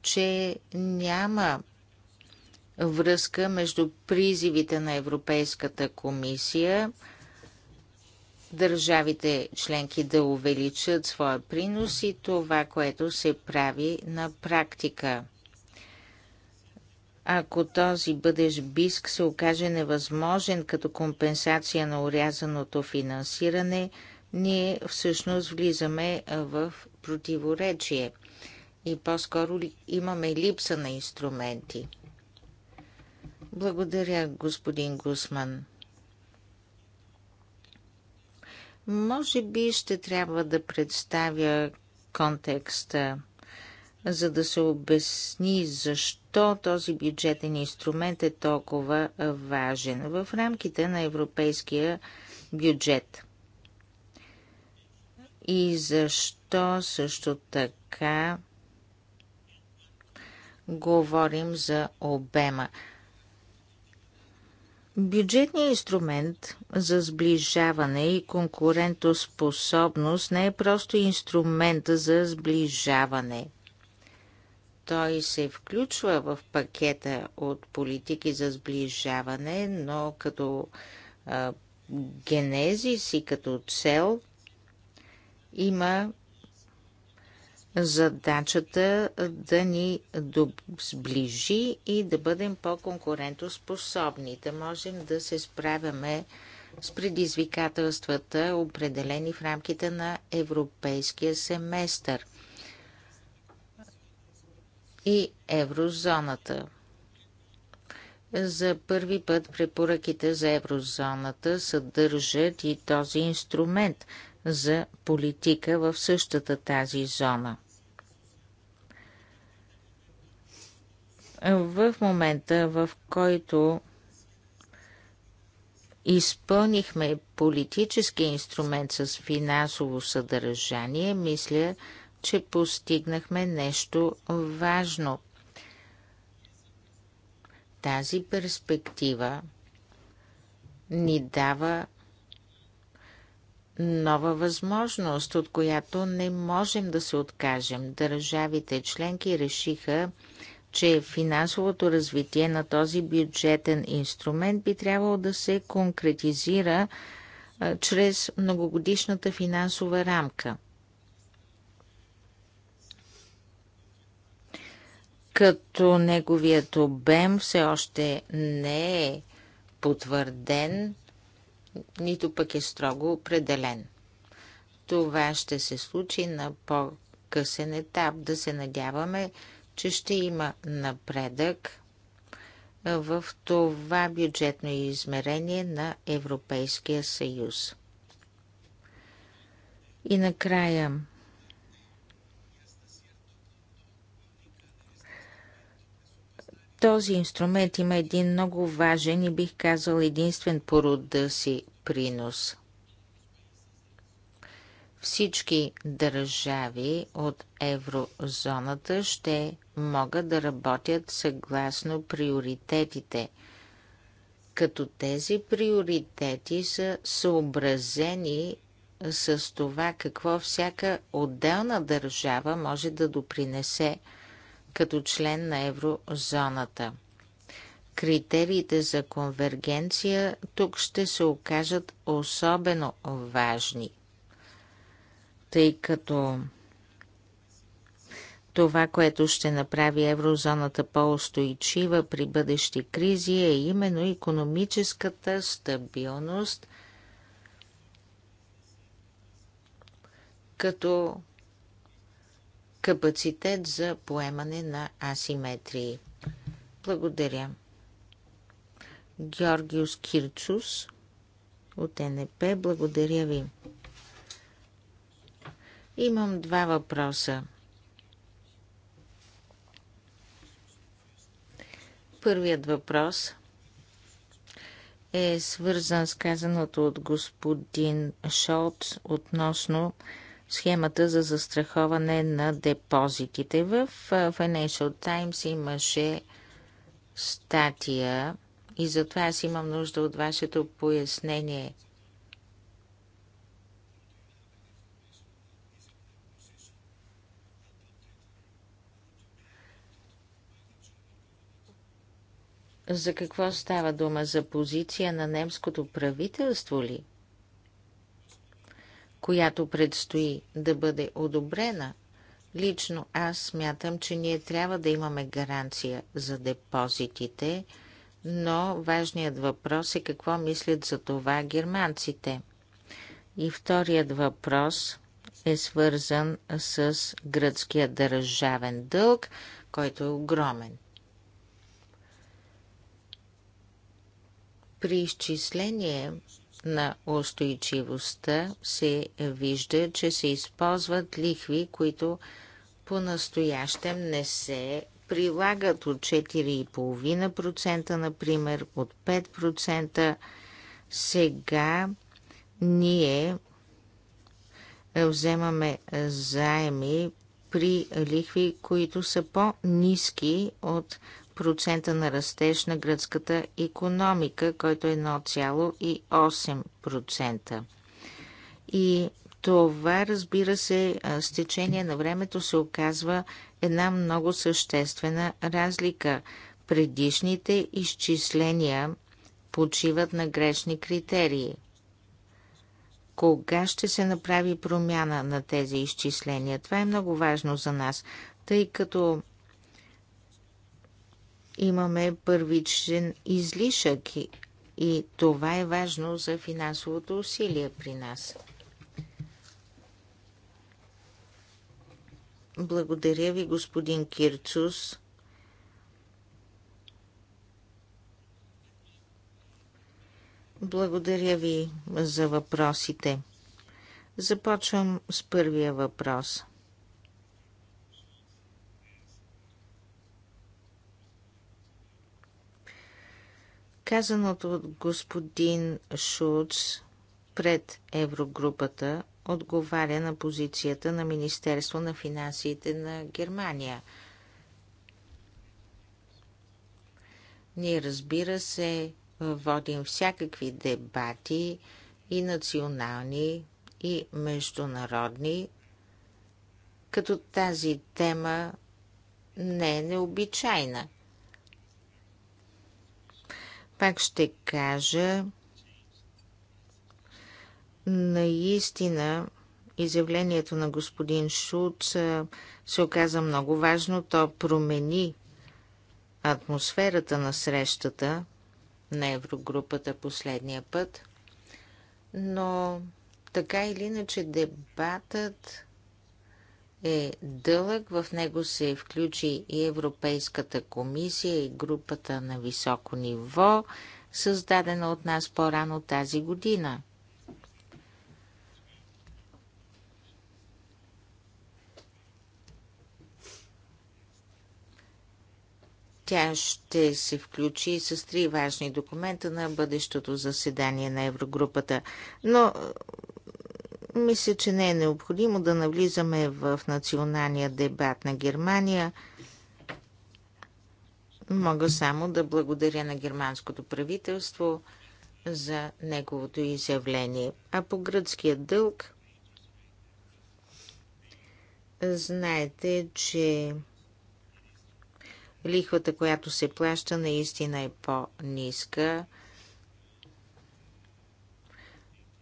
че няма връзка между призивите на Европейската комисия – държавите членки да увеличат своя принос и това, което се прави на практика. Ако този бъдещ биск се окаже невъзможен като компенсация на урязаното финансиране, ние всъщност влизаме в противоречие и по-скоро имаме липса на инструменти. Благодаря, господин Гусман. Може би ще трябва да представя контекста, за да се обясни защо този бюджетен инструмент е толкова важен в рамките на европейския бюджет. И защо също така говорим за обема. Бюджетният инструмент за сближаване и конкурентоспособност не е просто инструмент за сближаване. Той се включва в пакета от политики за сближаване, но като а, генезис и като цел има задачата да ни сближи и да бъдем по-конкурентоспособни, да можем да се справяме с предизвикателствата, определени в рамките на европейския семестър и еврозоната. За първи път препоръките за еврозоната съдържат и този инструмент – за политика в същата тази зона. В момента, в който изпълнихме политически инструмент с финансово съдържание, мисля, че постигнахме нещо важно. Тази перспектива ни дава нова възможност, от която не можем да се откажем. Държавите членки решиха, че финансовото развитие на този бюджетен инструмент би трябвало да се конкретизира чрез многогодишната финансова рамка. Като неговият обем все още не е потвърден, нито пък е строго определен. Това ще се случи на по-късен етап. Да се надяваме, че ще има напредък в това бюджетно измерение на Европейския съюз. И накрая Този инструмент има един много важен и бих казал единствен по рода си принос. Всички държави от еврозоната ще могат да работят съгласно приоритетите, като тези приоритети са съобразени с това какво всяка отделна държава може да допринесе – като член на еврозоната. Критериите за конвергенция тук ще се окажат особено важни, тъй като това, което ще направи еврозоната по-устойчива при бъдещи кризи е именно економическата стабилност, като капацитет за поемане на асиметрии. Благодаря. Георгиус Кирчус от НП, благодаря ви. Имам два въпроса. Първият въпрос е свързан с казаното от господин Шолц относно схемата за застраховане на депозитите. В Financial Times имаше статия и затова аз имам нужда от вашето пояснение. За какво става дума? За позиция на немското правителство ли? която предстои да бъде одобрена, лично аз смятам, че ние трябва да имаме гаранция за депозитите, но важният въпрос е какво мислят за това германците. И вторият въпрос е свързан с гръцкия държавен дълг, който е огромен. При изчисление на устойчивостта се вижда, че се използват лихви, които по-настоящем не се прилагат от 4,5%, например, от 5%. Сега ние вземаме заеми при лихви, които са по-низки от процента на растеж на гръцката економика, който е 1,8%. И това, разбира се, с течение на времето се оказва една много съществена разлика. Предишните изчисления почиват на грешни критерии. Кога ще се направи промяна на тези изчисления? Това е много важно за нас, тъй като имаме първичен излишък и, и това е важно за финансовото усилие при нас. Благодаря ви, господин Кирцус. Благодаря ви за въпросите. Започвам с първия въпрос – Казаното от господин Шуц, пред Еврогрупата отговаря на позицията на Министерство на финансите на Германия. Ние, разбира се, водим всякакви дебати и национални, и международни, като тази тема не е необичайна. Пак ще кажа, наистина изявлението на господин Шуц се оказа много важно. То промени атмосферата на срещата на Еврогрупата последния път. Но така или иначе дебатът е дълъг. В него се включи и Европейската комисия и групата на високо ниво, създадена от нас по-рано тази година. Тя ще се включи с три важни документа на бъдещото заседание на Еврогрупата. Но мисля, че не е необходимо да навлизаме в националния дебат на Германия. Мога само да благодаря на германското правителство за неговото изявление. А по гръцкия дълг, знаете, че лихвата, която се плаща, наистина е по-ниска.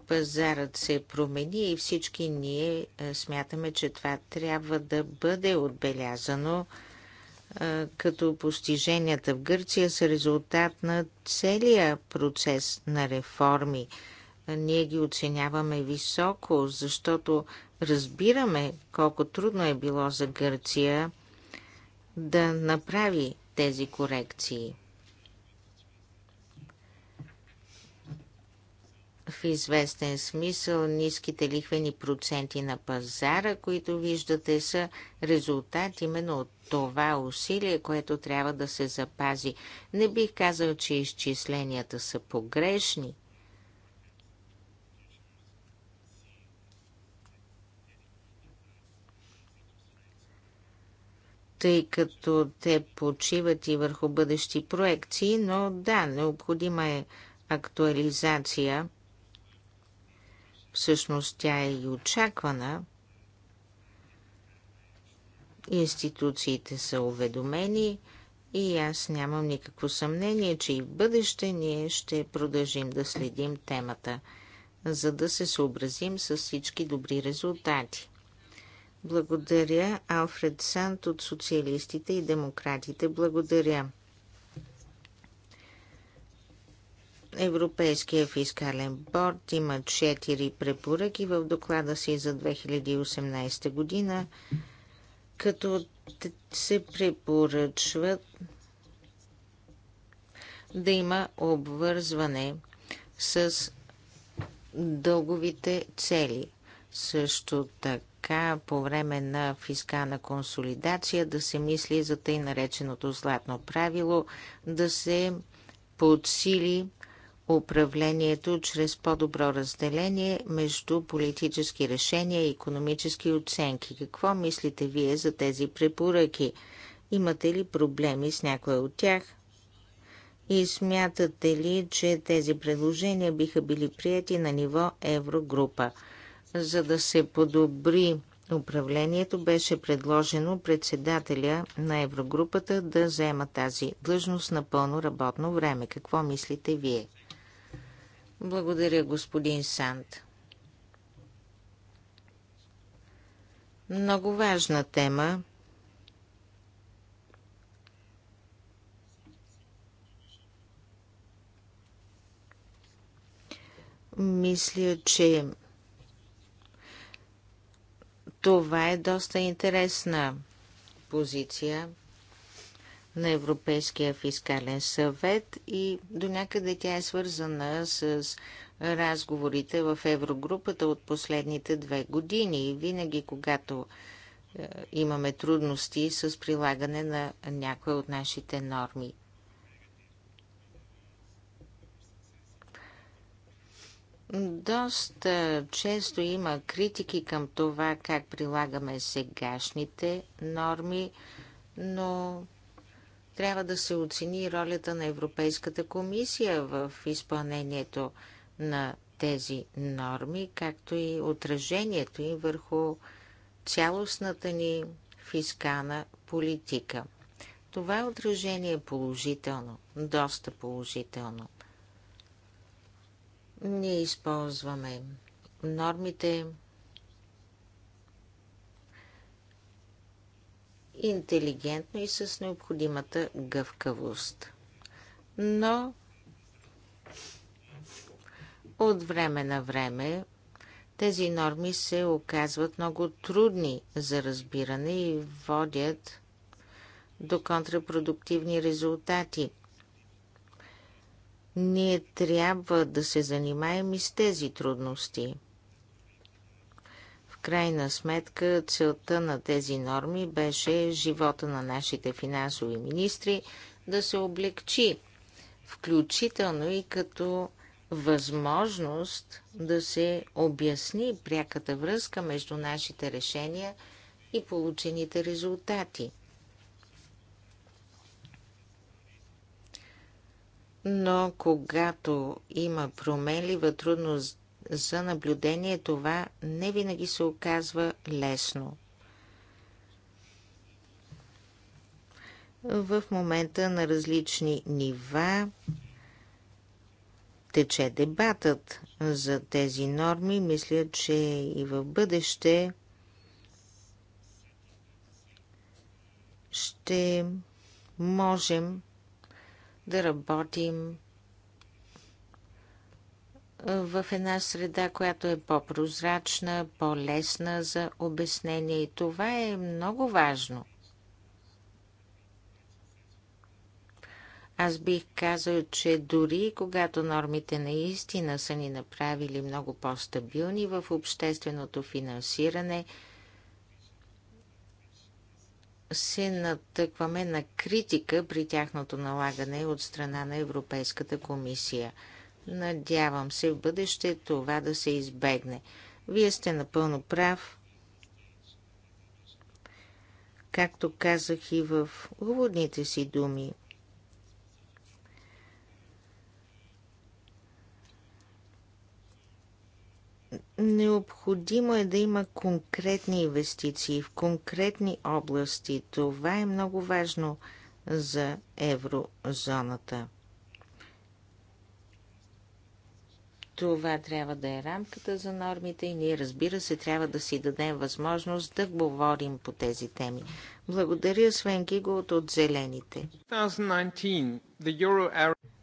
пазарът се промени и всички ние е, смятаме, че това трябва да бъде отбелязано е, като постиженията в Гърция са резултат на целия процес на реформи. Е, ние ги оценяваме високо, защото разбираме колко трудно е било за Гърция да направи тези корекции. в известен смисъл ниските лихвени проценти на пазара, които виждате, са резултат именно от това усилие, което трябва да се запази. Не бих казал, че изчисленията са погрешни. тъй като те почиват и върху бъдещи проекции, но да, необходима е актуализация всъщност тя е и очаквана. Институциите са уведомени и аз нямам никакво съмнение, че и в бъдеще ние ще продължим да следим темата, за да се съобразим с всички добри резултати. Благодаря, Алфред Сант от социалистите и демократите. Благодаря. Европейския фискален борт има 4 препоръки в доклада си за 2018 година, като се препоръчват да има обвързване с дълговите цели. Също така, по време на фискална консолидация да се мисли за тъй нареченото златно правило, да се подсили управлението чрез по-добро разделение между политически решения и економически оценки. Какво мислите вие за тези препоръки? Имате ли проблеми с някоя от тях? И смятате ли, че тези предложения биха били прияти на ниво Еврогрупа? За да се подобри управлението, беше предложено председателя на Еврогрупата да взема тази длъжност на пълно работно време. Какво мислите вие? Благодаря, господин Санд. Много важна тема. Мисля, че това е доста интересна позиция на Европейския фискален съвет и до някъде тя е свързана с разговорите в Еврогрупата от последните две години. И винаги, когато е, имаме трудности с прилагане на някои от нашите норми. Доста често има критики към това как прилагаме сегашните норми, но трябва да се оцени ролята на Европейската комисия в изпълнението на тези норми, както и отражението им върху цялостната ни фискална политика. Това отражение е положително, доста положително. Ние използваме нормите интелигентно и с необходимата гъвкавост. Но от време на време тези норми се оказват много трудни за разбиране и водят до контрапродуктивни резултати. Ние трябва да се занимаем и с тези трудности – крайна сметка целта на тези норми беше живота на нашите финансови министри да се облегчи, включително и като възможност да се обясни пряката връзка между нашите решения и получените резултати. Но когато има променлива трудност за наблюдение, това не винаги се оказва лесно. В момента на различни нива тече дебатът за тези норми. Мисля, че и в бъдеще ще можем да работим в една среда, която е по-прозрачна, по-лесна за обяснение и това е много важно. Аз бих казал, че дори когато нормите наистина са ни направили много по-стабилни в общественото финансиране, се натъкваме на критика при тяхното налагане от страна на Европейската комисия – Надявам се в бъдеще това да се избегне. Вие сте напълно прав. Както казах и в уводните си думи, Необходимо е да има конкретни инвестиции в конкретни области. Това е много важно за еврозоната. Това трябва да е рамката за нормите и ние, разбира се, трябва да си дадем възможност да говорим по тези теми. Благодаря Свен Гиголт от Зелените.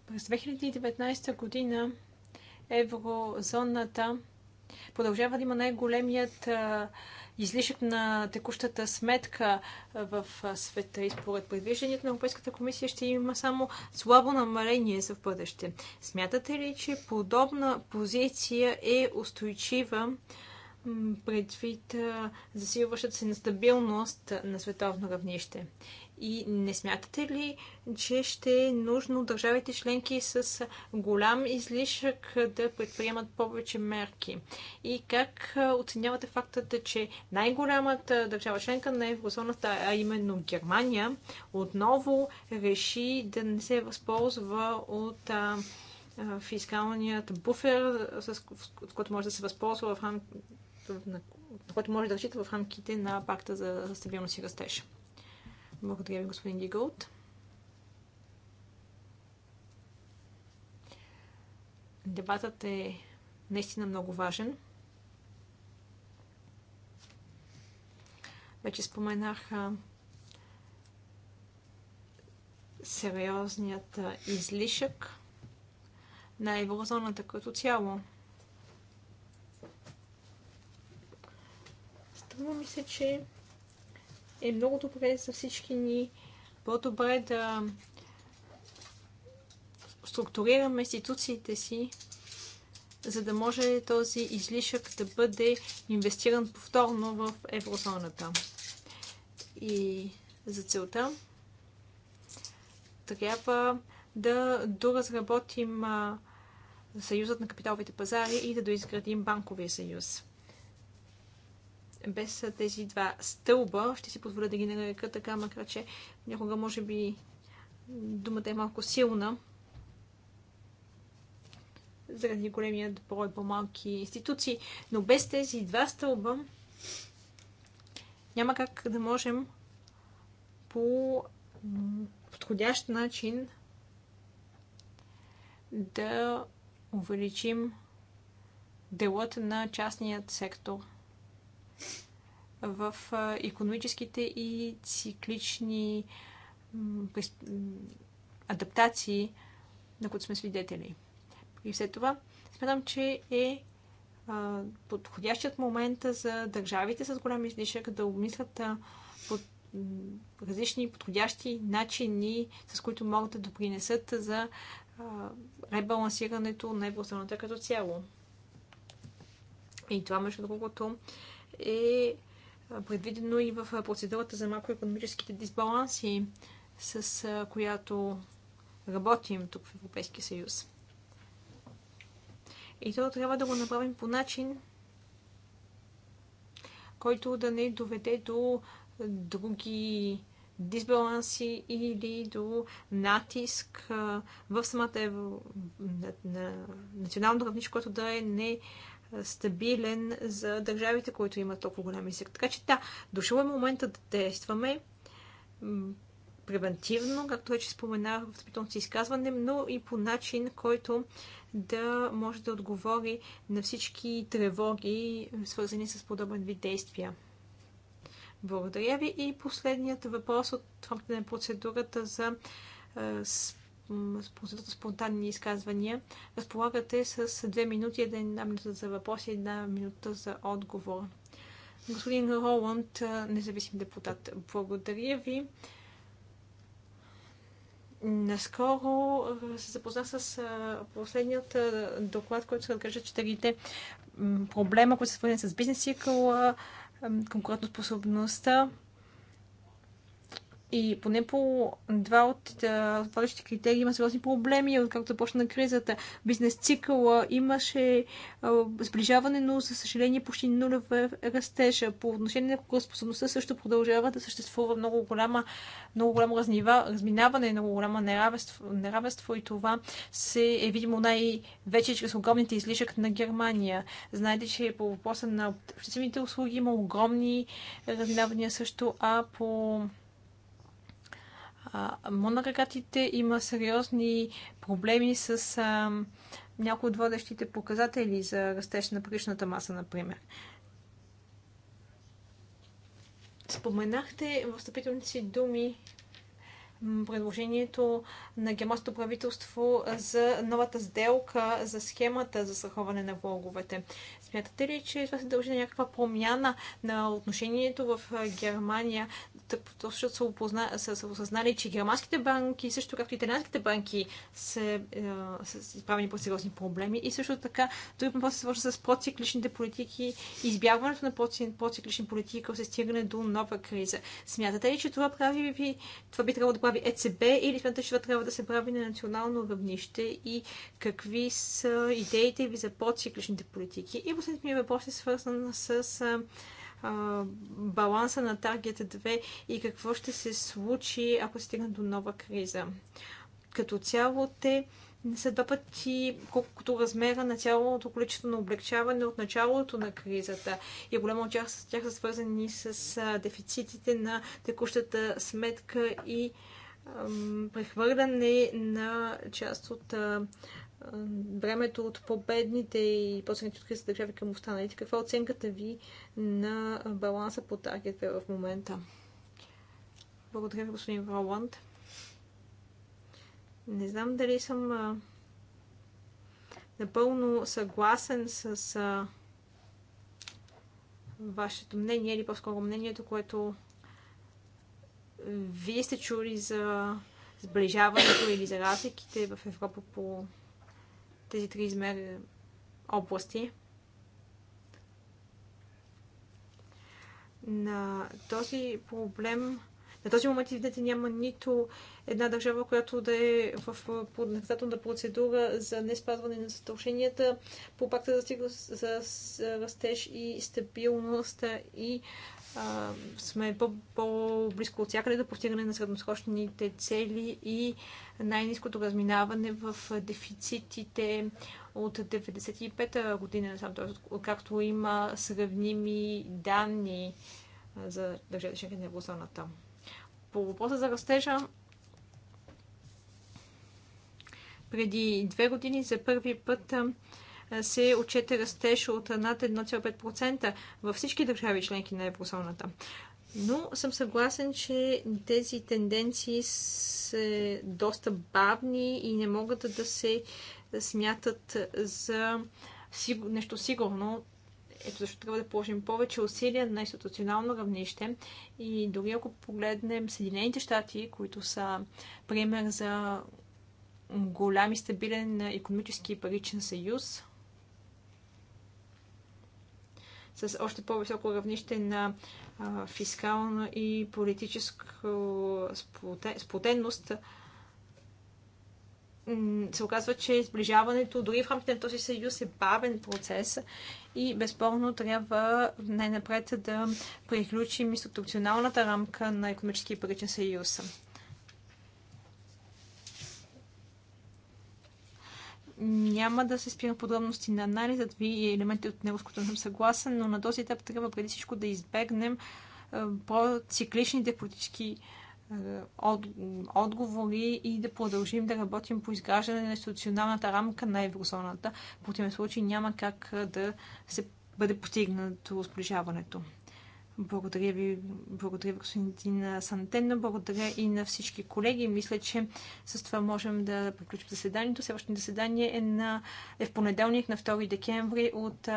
През 2019 година еврозоната продължава да има най-големият излишък на текущата сметка в света и според предвижданията на Европейската комисия ще има само слабо намаление за в бъдеще. Смятате ли, че подобна позиция е устойчива предвид засилващата се нестабилност на световно равнище? И не смятате ли, че ще е нужно държавите членки с голям излишък да предприемат повече мерки? И как оценявате факта, че най-голямата държава членка на еврозоната, а именно Германия, отново реши да не се възползва от фискалният буфер, с който може да се възползва в рамките на, който може да разчита в рамките на пакта за стабилност и растеж. Благодаря ви, господин Гигалт, Дебатът е наистина много важен. Вече споменах сериозният излишък на еврозоната като цяло. Струва ми се, че е много добре за всички ни. По-добре да структурираме институциите си, за да може този излишък да бъде инвестиран повторно в еврозоната. И за целта трябва да доразработим Съюзът на капиталовите пазари и да доизградим банковия съюз без тези два стълба, ще си позволя да ги нарека така, макар че някога може би думата е малко силна, заради големият брой по-малки институции, но без тези два стълба няма как да можем по подходящ начин да увеличим делът на частният сектор – в економическите и циклични адаптации, на които сме свидетели. И след това смятам, че е подходящият момент за държавите с голям излишък да обмислят под различни подходящи начини, с които могат да допринесат за ребалансирането на еврозоната като цяло. И това, между другото, е предвидено и в процедурата за макроекономическите дисбаланси, с която работим тук в Европейския съюз. И то трябва да го направим по начин, който да не доведе до други дисбаланси или до натиск в самата на, на, национално равнище, което да е не стабилен за държавите, които имат толкова голям инсект. Така че да, дошъл е момента да действаме превентивно, както вече споменах в встъпителното си изказване, но и по начин, който да може да отговори на всички тревоги, свързани с подобен вид действия. Благодаря ви. И последният въпрос от рамките на процедурата за спонтанни изказвания. Разполагате с две минути, една минута за въпрос и една минута за отговор. Господин Роланд, независим депутат, благодаря ви. Наскоро се запознах с последният доклад, който се откажа четирите проблема, които са свързани с бизнес цикъла, конкурентоспособността и поне по два от водещите критерии има сериозни проблеми, откакто започна кризата. Бизнес цикъла имаше а, сближаване, но за съжаление почти нулев растежа. По отношение на конкурентоспособността също продължава да съществува много голяма, много голямо разнива, разминаване, много голямо неравенство, неравенство и това се е видимо най-вече чрез огромните излишък на Германия. Знаете, че по въпроса на обществените услуги има огромни разминавания също, а по монорегатите има сериозни проблеми с а, някои от водещите показатели за растеж на паричната маса, например. Споменахте в стъпителните си думи предложението на германското правителство за новата сделка за схемата за страховане на влоговете. Смятате ли, че това се дължи на някаква промяна на отношението в Германия, защото са, опозна, са, са осъзнали, че германските банки, също както и италианските банки, са, са изправени по сериозни проблеми и също така друг въпрос се свързва с процикличните политики, избягването на проциклични политики, се стигане до нова криза. Смятате ли, че това прави ви, това би трябвало да прави ЕЦБ или смятате, че това трябва да се прави на национално равнище и какви са идеите ви за процикличните политики? И Последният ми въпрос е свързан с а, баланса на Таргет 2 и какво ще се случи, ако стигна до нова криза. Като цяло те не са два пъти колкото размера на цялото количество на облегчаване от началото на кризата. И голяма част от тях са свързани с дефицитите на текущата сметка и прехвърляне на част от времето от победните и последните от кризата държави към останалите. Каква е оценката ви на баланса по таргет в момента? Благодаря ви, господин Роланд. Не знам дали съм а, напълно съгласен с а, вашето мнение или по-скоро мнението, което вие сте чули за сближаването или за разликите в Европа по тези три измери области. На този проблем на този момент видите няма нито една държава, която да е в наказателна процедура за не спазване на задълженията по пакта за, за растеж и стабилност и сме по-близко от всякъде до постигане на средносрочните цели и най-низкото разминаване в дефицитите от 1995 година насам, т.е. както има сравними данни за държавите членки на еврозоната. По въпроса за растежа, преди две години за първи път се отчете растеж от над 1,5% във всички държави членки на еврозоната. Но съм съгласен, че тези тенденции са доста бавни и не могат да се смятат за нещо сигурно. Ето защо трябва да положим повече усилия на институционално равнище и дори ако погледнем Съединените щати, които са пример за голям и стабилен економически и паричен съюз, с още по-високо равнище на фискална и политическа сплотенност, се оказва, че сближаването дори в рамките на този съюз е бавен процес и безспорно трябва най-напред да приключим институционалната рамка на економически и паричен съюз. Няма да се спирам подробности на анализът ви и елементи от него, с които съм съгласен, но на този етап трябва преди всичко да избегнем по-цикличните политически отговори и да продължим да работим по изграждане на институционалната рамка на еврозоната. В противен случай няма как да се бъде постигнато сближаването. Благодаря ви, благодаря господин Сантено, благодаря и на всички колеги. Мисля, че с това можем да приключим заседанието. Следващото заседание е, на, е в понеделник на 2 декември от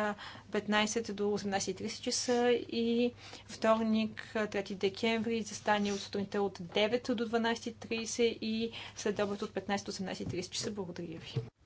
15 до 18.30 часа и вторник 3 декември застане от сутринта от 9 до 12.30 и след обед от 15 до 18.30 часа. Благодаря ви.